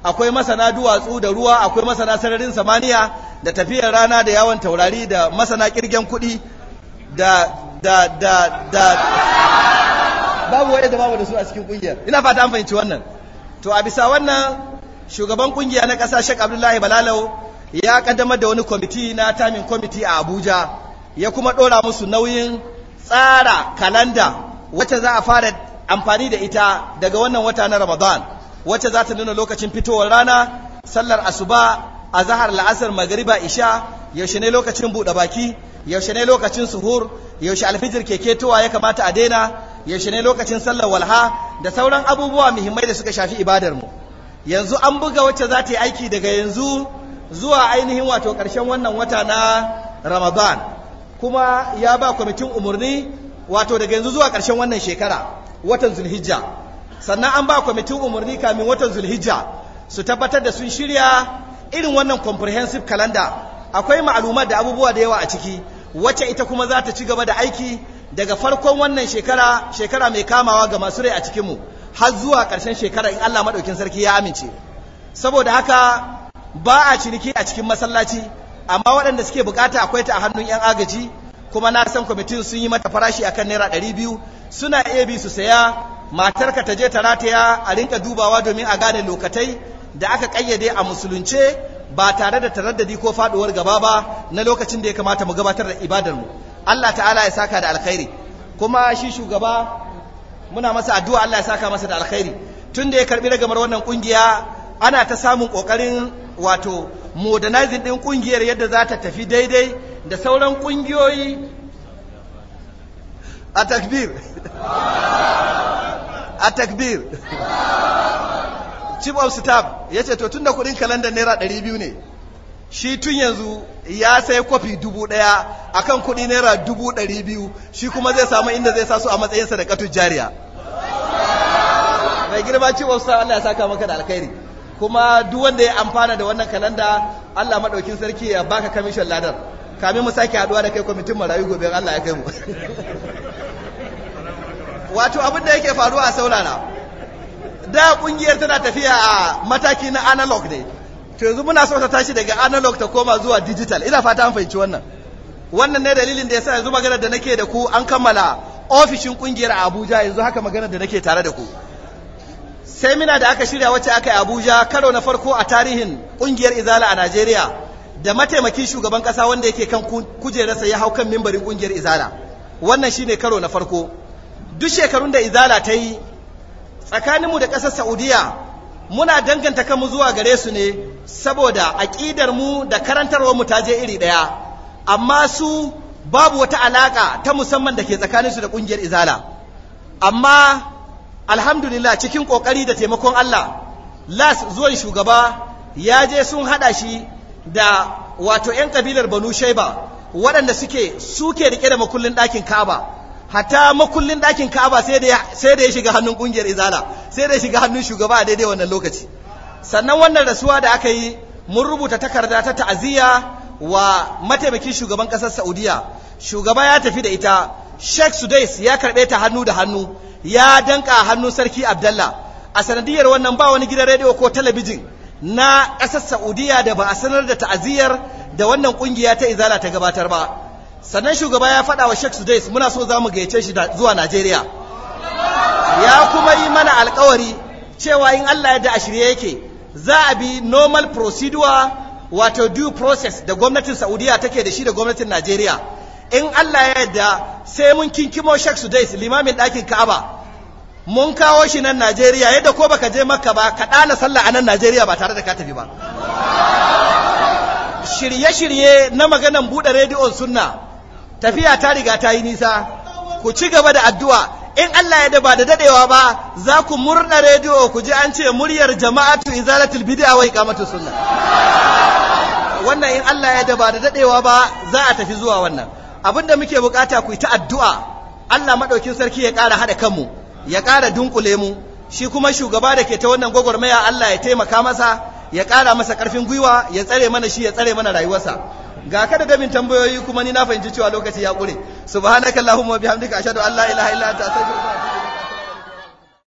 akwai masana duwatsu da ruwa akwai masana sararin samaniya da tafiyar rana da yawon taurari da masana kirgen kuɗi da da da da babu da babu da su a cikin ƙungiyar ina fata an fahimci wannan to a bisa wannan shugaban ƙungiya na ƙasa shek abdullahi balalau ya kaddamar da wani kwamiti na tamin kwamiti a abuja ya kuma ɗora musu nauyin tsara kalanda wacce za a fara amfani da ita daga wannan wata na ramadan wacce za ta nuna lokacin fitowar rana sallar asuba a zahar la'asar magariba isha yaushe ne lokacin buɗe baki yaushe ne lokacin suhur yaushe alfijir ke ketowa ya kamata a daina yaushe ne lokacin sallar walha da sauran abubuwa muhimmai da suka shafi ibadar mu yanzu an buga wacce za ta yi aiki daga yanzu zuwa ainihin wato ƙarshen wannan wata na ramadan kuma ya ba kwamitin umarni wato daga yanzu zuwa ƙarshen wannan shekara watan zulhijja sannan an ba kwamitin umarni kamin watan zulhijja su tabbatar da sun shirya irin wannan comprehensive calendar akwai ma'aluma da abubuwa da yawa a ciki wacce ita kuma za ta ci gaba da aiki daga farkon wannan shekara shekara mai kamawa ga masu rai a cikinmu har zuwa ƙarshen shekara in Allah maɗaukin sarki ya amince saboda haka ba a ciniki a cikin masallaci amma waɗanda suke bukata akwai ta a hannun 'yan agaji kuma na san kwamitin sun yi mata farashi akan naira ɗari biyu suna iya bi su saya matarka ta je ta rataya a rinka dubawa domin a gane lokatai da aka ƙayyade a musulunce ba tare da taraddadi ko faduwar gaba ba na lokacin da ya kamata mu gabatar da ibadar mu Allah ta'ala ya saka da alkhairi kuma shi shugaba muna masa addu'a Allah ya saka masa da alkhairi tun da ya karbi ragamar wannan kungiya ana ta samun kokarin wato modernizing din kungiyar yadda za ta tafi daidai da sauran kungiyoyi a takbir a takbir chief of staff ya ce to tunda kudin kalandar naira 200 ne shi tun yanzu ya sai kwafi dubu daya akan kudi naira dubu dari biyu shi kuma zai samu inda zai sa su a matsayin sadakatu jariya mai girma chief of staff Allah ya saka maka da alkhairi kuma duk ya amfana da wannan kalanda Allah madaukin sarki ya baka kamishin ladar kamin mu sake haduwa da kai kwamitin marayu gobe Allah ya kai mu wato abin da yake faruwa a saulana. da kungiyar tana tafiya a mataki na analog ne to yanzu muna so ta tashi daga analog ta koma zuwa digital ina fata an fahimci wannan wannan ne dalilin da yasa yanzu maganar da nake da ku an kammala ofishin kungiyar a Abuja yanzu haka maganar da nake tare da ku semina da aka shirya wacce aka yi Abuja karo na farko a tarihin kungiyar Izala a Najeriya da mataimakin shugaban kasa wanda yake kan kujerarsa ya hau kan mimbarin kungiyar Izala wannan shine karo na farko duk shekarun da Izala ta yi tsakaninmu da ƙasar saudiya muna danganta kanmu zuwa gare su ne saboda aƙidar mu da karantarwar mu ta je iri ɗaya amma su babu wata alaƙa ta musamman da ke tsakaninsu da ƙungiyar izala amma alhamdulillah cikin ƙoƙari da taimakon allah las zuwan shugaba ya je sun haɗa shi da wato 'yan ƙabilar banu shaiba waɗanda suke suke riƙe da makullin ɗakin ka'aba. hatta makullin ɗakin ka'aba sai da ya shiga hannun ƙungiyar izala sai da ya shiga hannun shugaba a daidai wannan lokaci sannan wannan rasuwa da aka yi mun rubuta takarda ta ta'aziyya wa mataimakin shugaban ƙasar saudiya shugaba ya tafi da ita sheikh sudais ya karɓe ta hannu da hannu ya danka hannun sarki abdallah a sanadiyar wannan ba wani gidan rediyo ko talabijin na ƙasar saudiya da ba a sanar da ta'aziyyar da wannan ƙungiya ta izala ta gabatar ba sannan shugaba ya faɗa wa Sheikh Sudais muna so zamu gayyace shi zuwa Najeriya ya kuma yi mana alƙawari cewa in Allah ya da a shirye yake za a bi normal procedure wato due process da gwamnatin Saudiya take da shi da gwamnatin Najeriya in Allah ya yarda sai mun kinkimo Sheikh Sudais limamin dakin Ka'aba mun kawo shi nan Najeriya yadda ko baka je Makka ba ka ɗana sallah a nan Najeriya ba tare da ka tafi ba shirye-shirye na maganan buɗe rediyon sunna tafiya ta riga ta yi nisa ku ci gaba da addu'a in Allah ya daba da dadewa ba za ku murna rediyo ku ji an ce muryar jama'atu izalatul bid'a wa iqamatus sunna wannan in Allah ya daba da dadewa ba za a tafi zuwa wannan da muke bukata ku yi ta addu'a Allah madaukin sarki ya ƙara hada kanmu ya ƙara dunkule mu shi kuma shugaba da ke ta wannan gwagwarmaya Allah ya taimaka masa ya ƙara masa ƙarfin gwiwa ya tsare mana shi ya tsare mana rayuwarsa ga ka da dabin tambayoyi kuma ni na fahimci cewa lokaci ya ƙure subhanakallahumma wa bihamdika ashhadu an la ilaha illa anta astaghfiruka wa atubu ilaik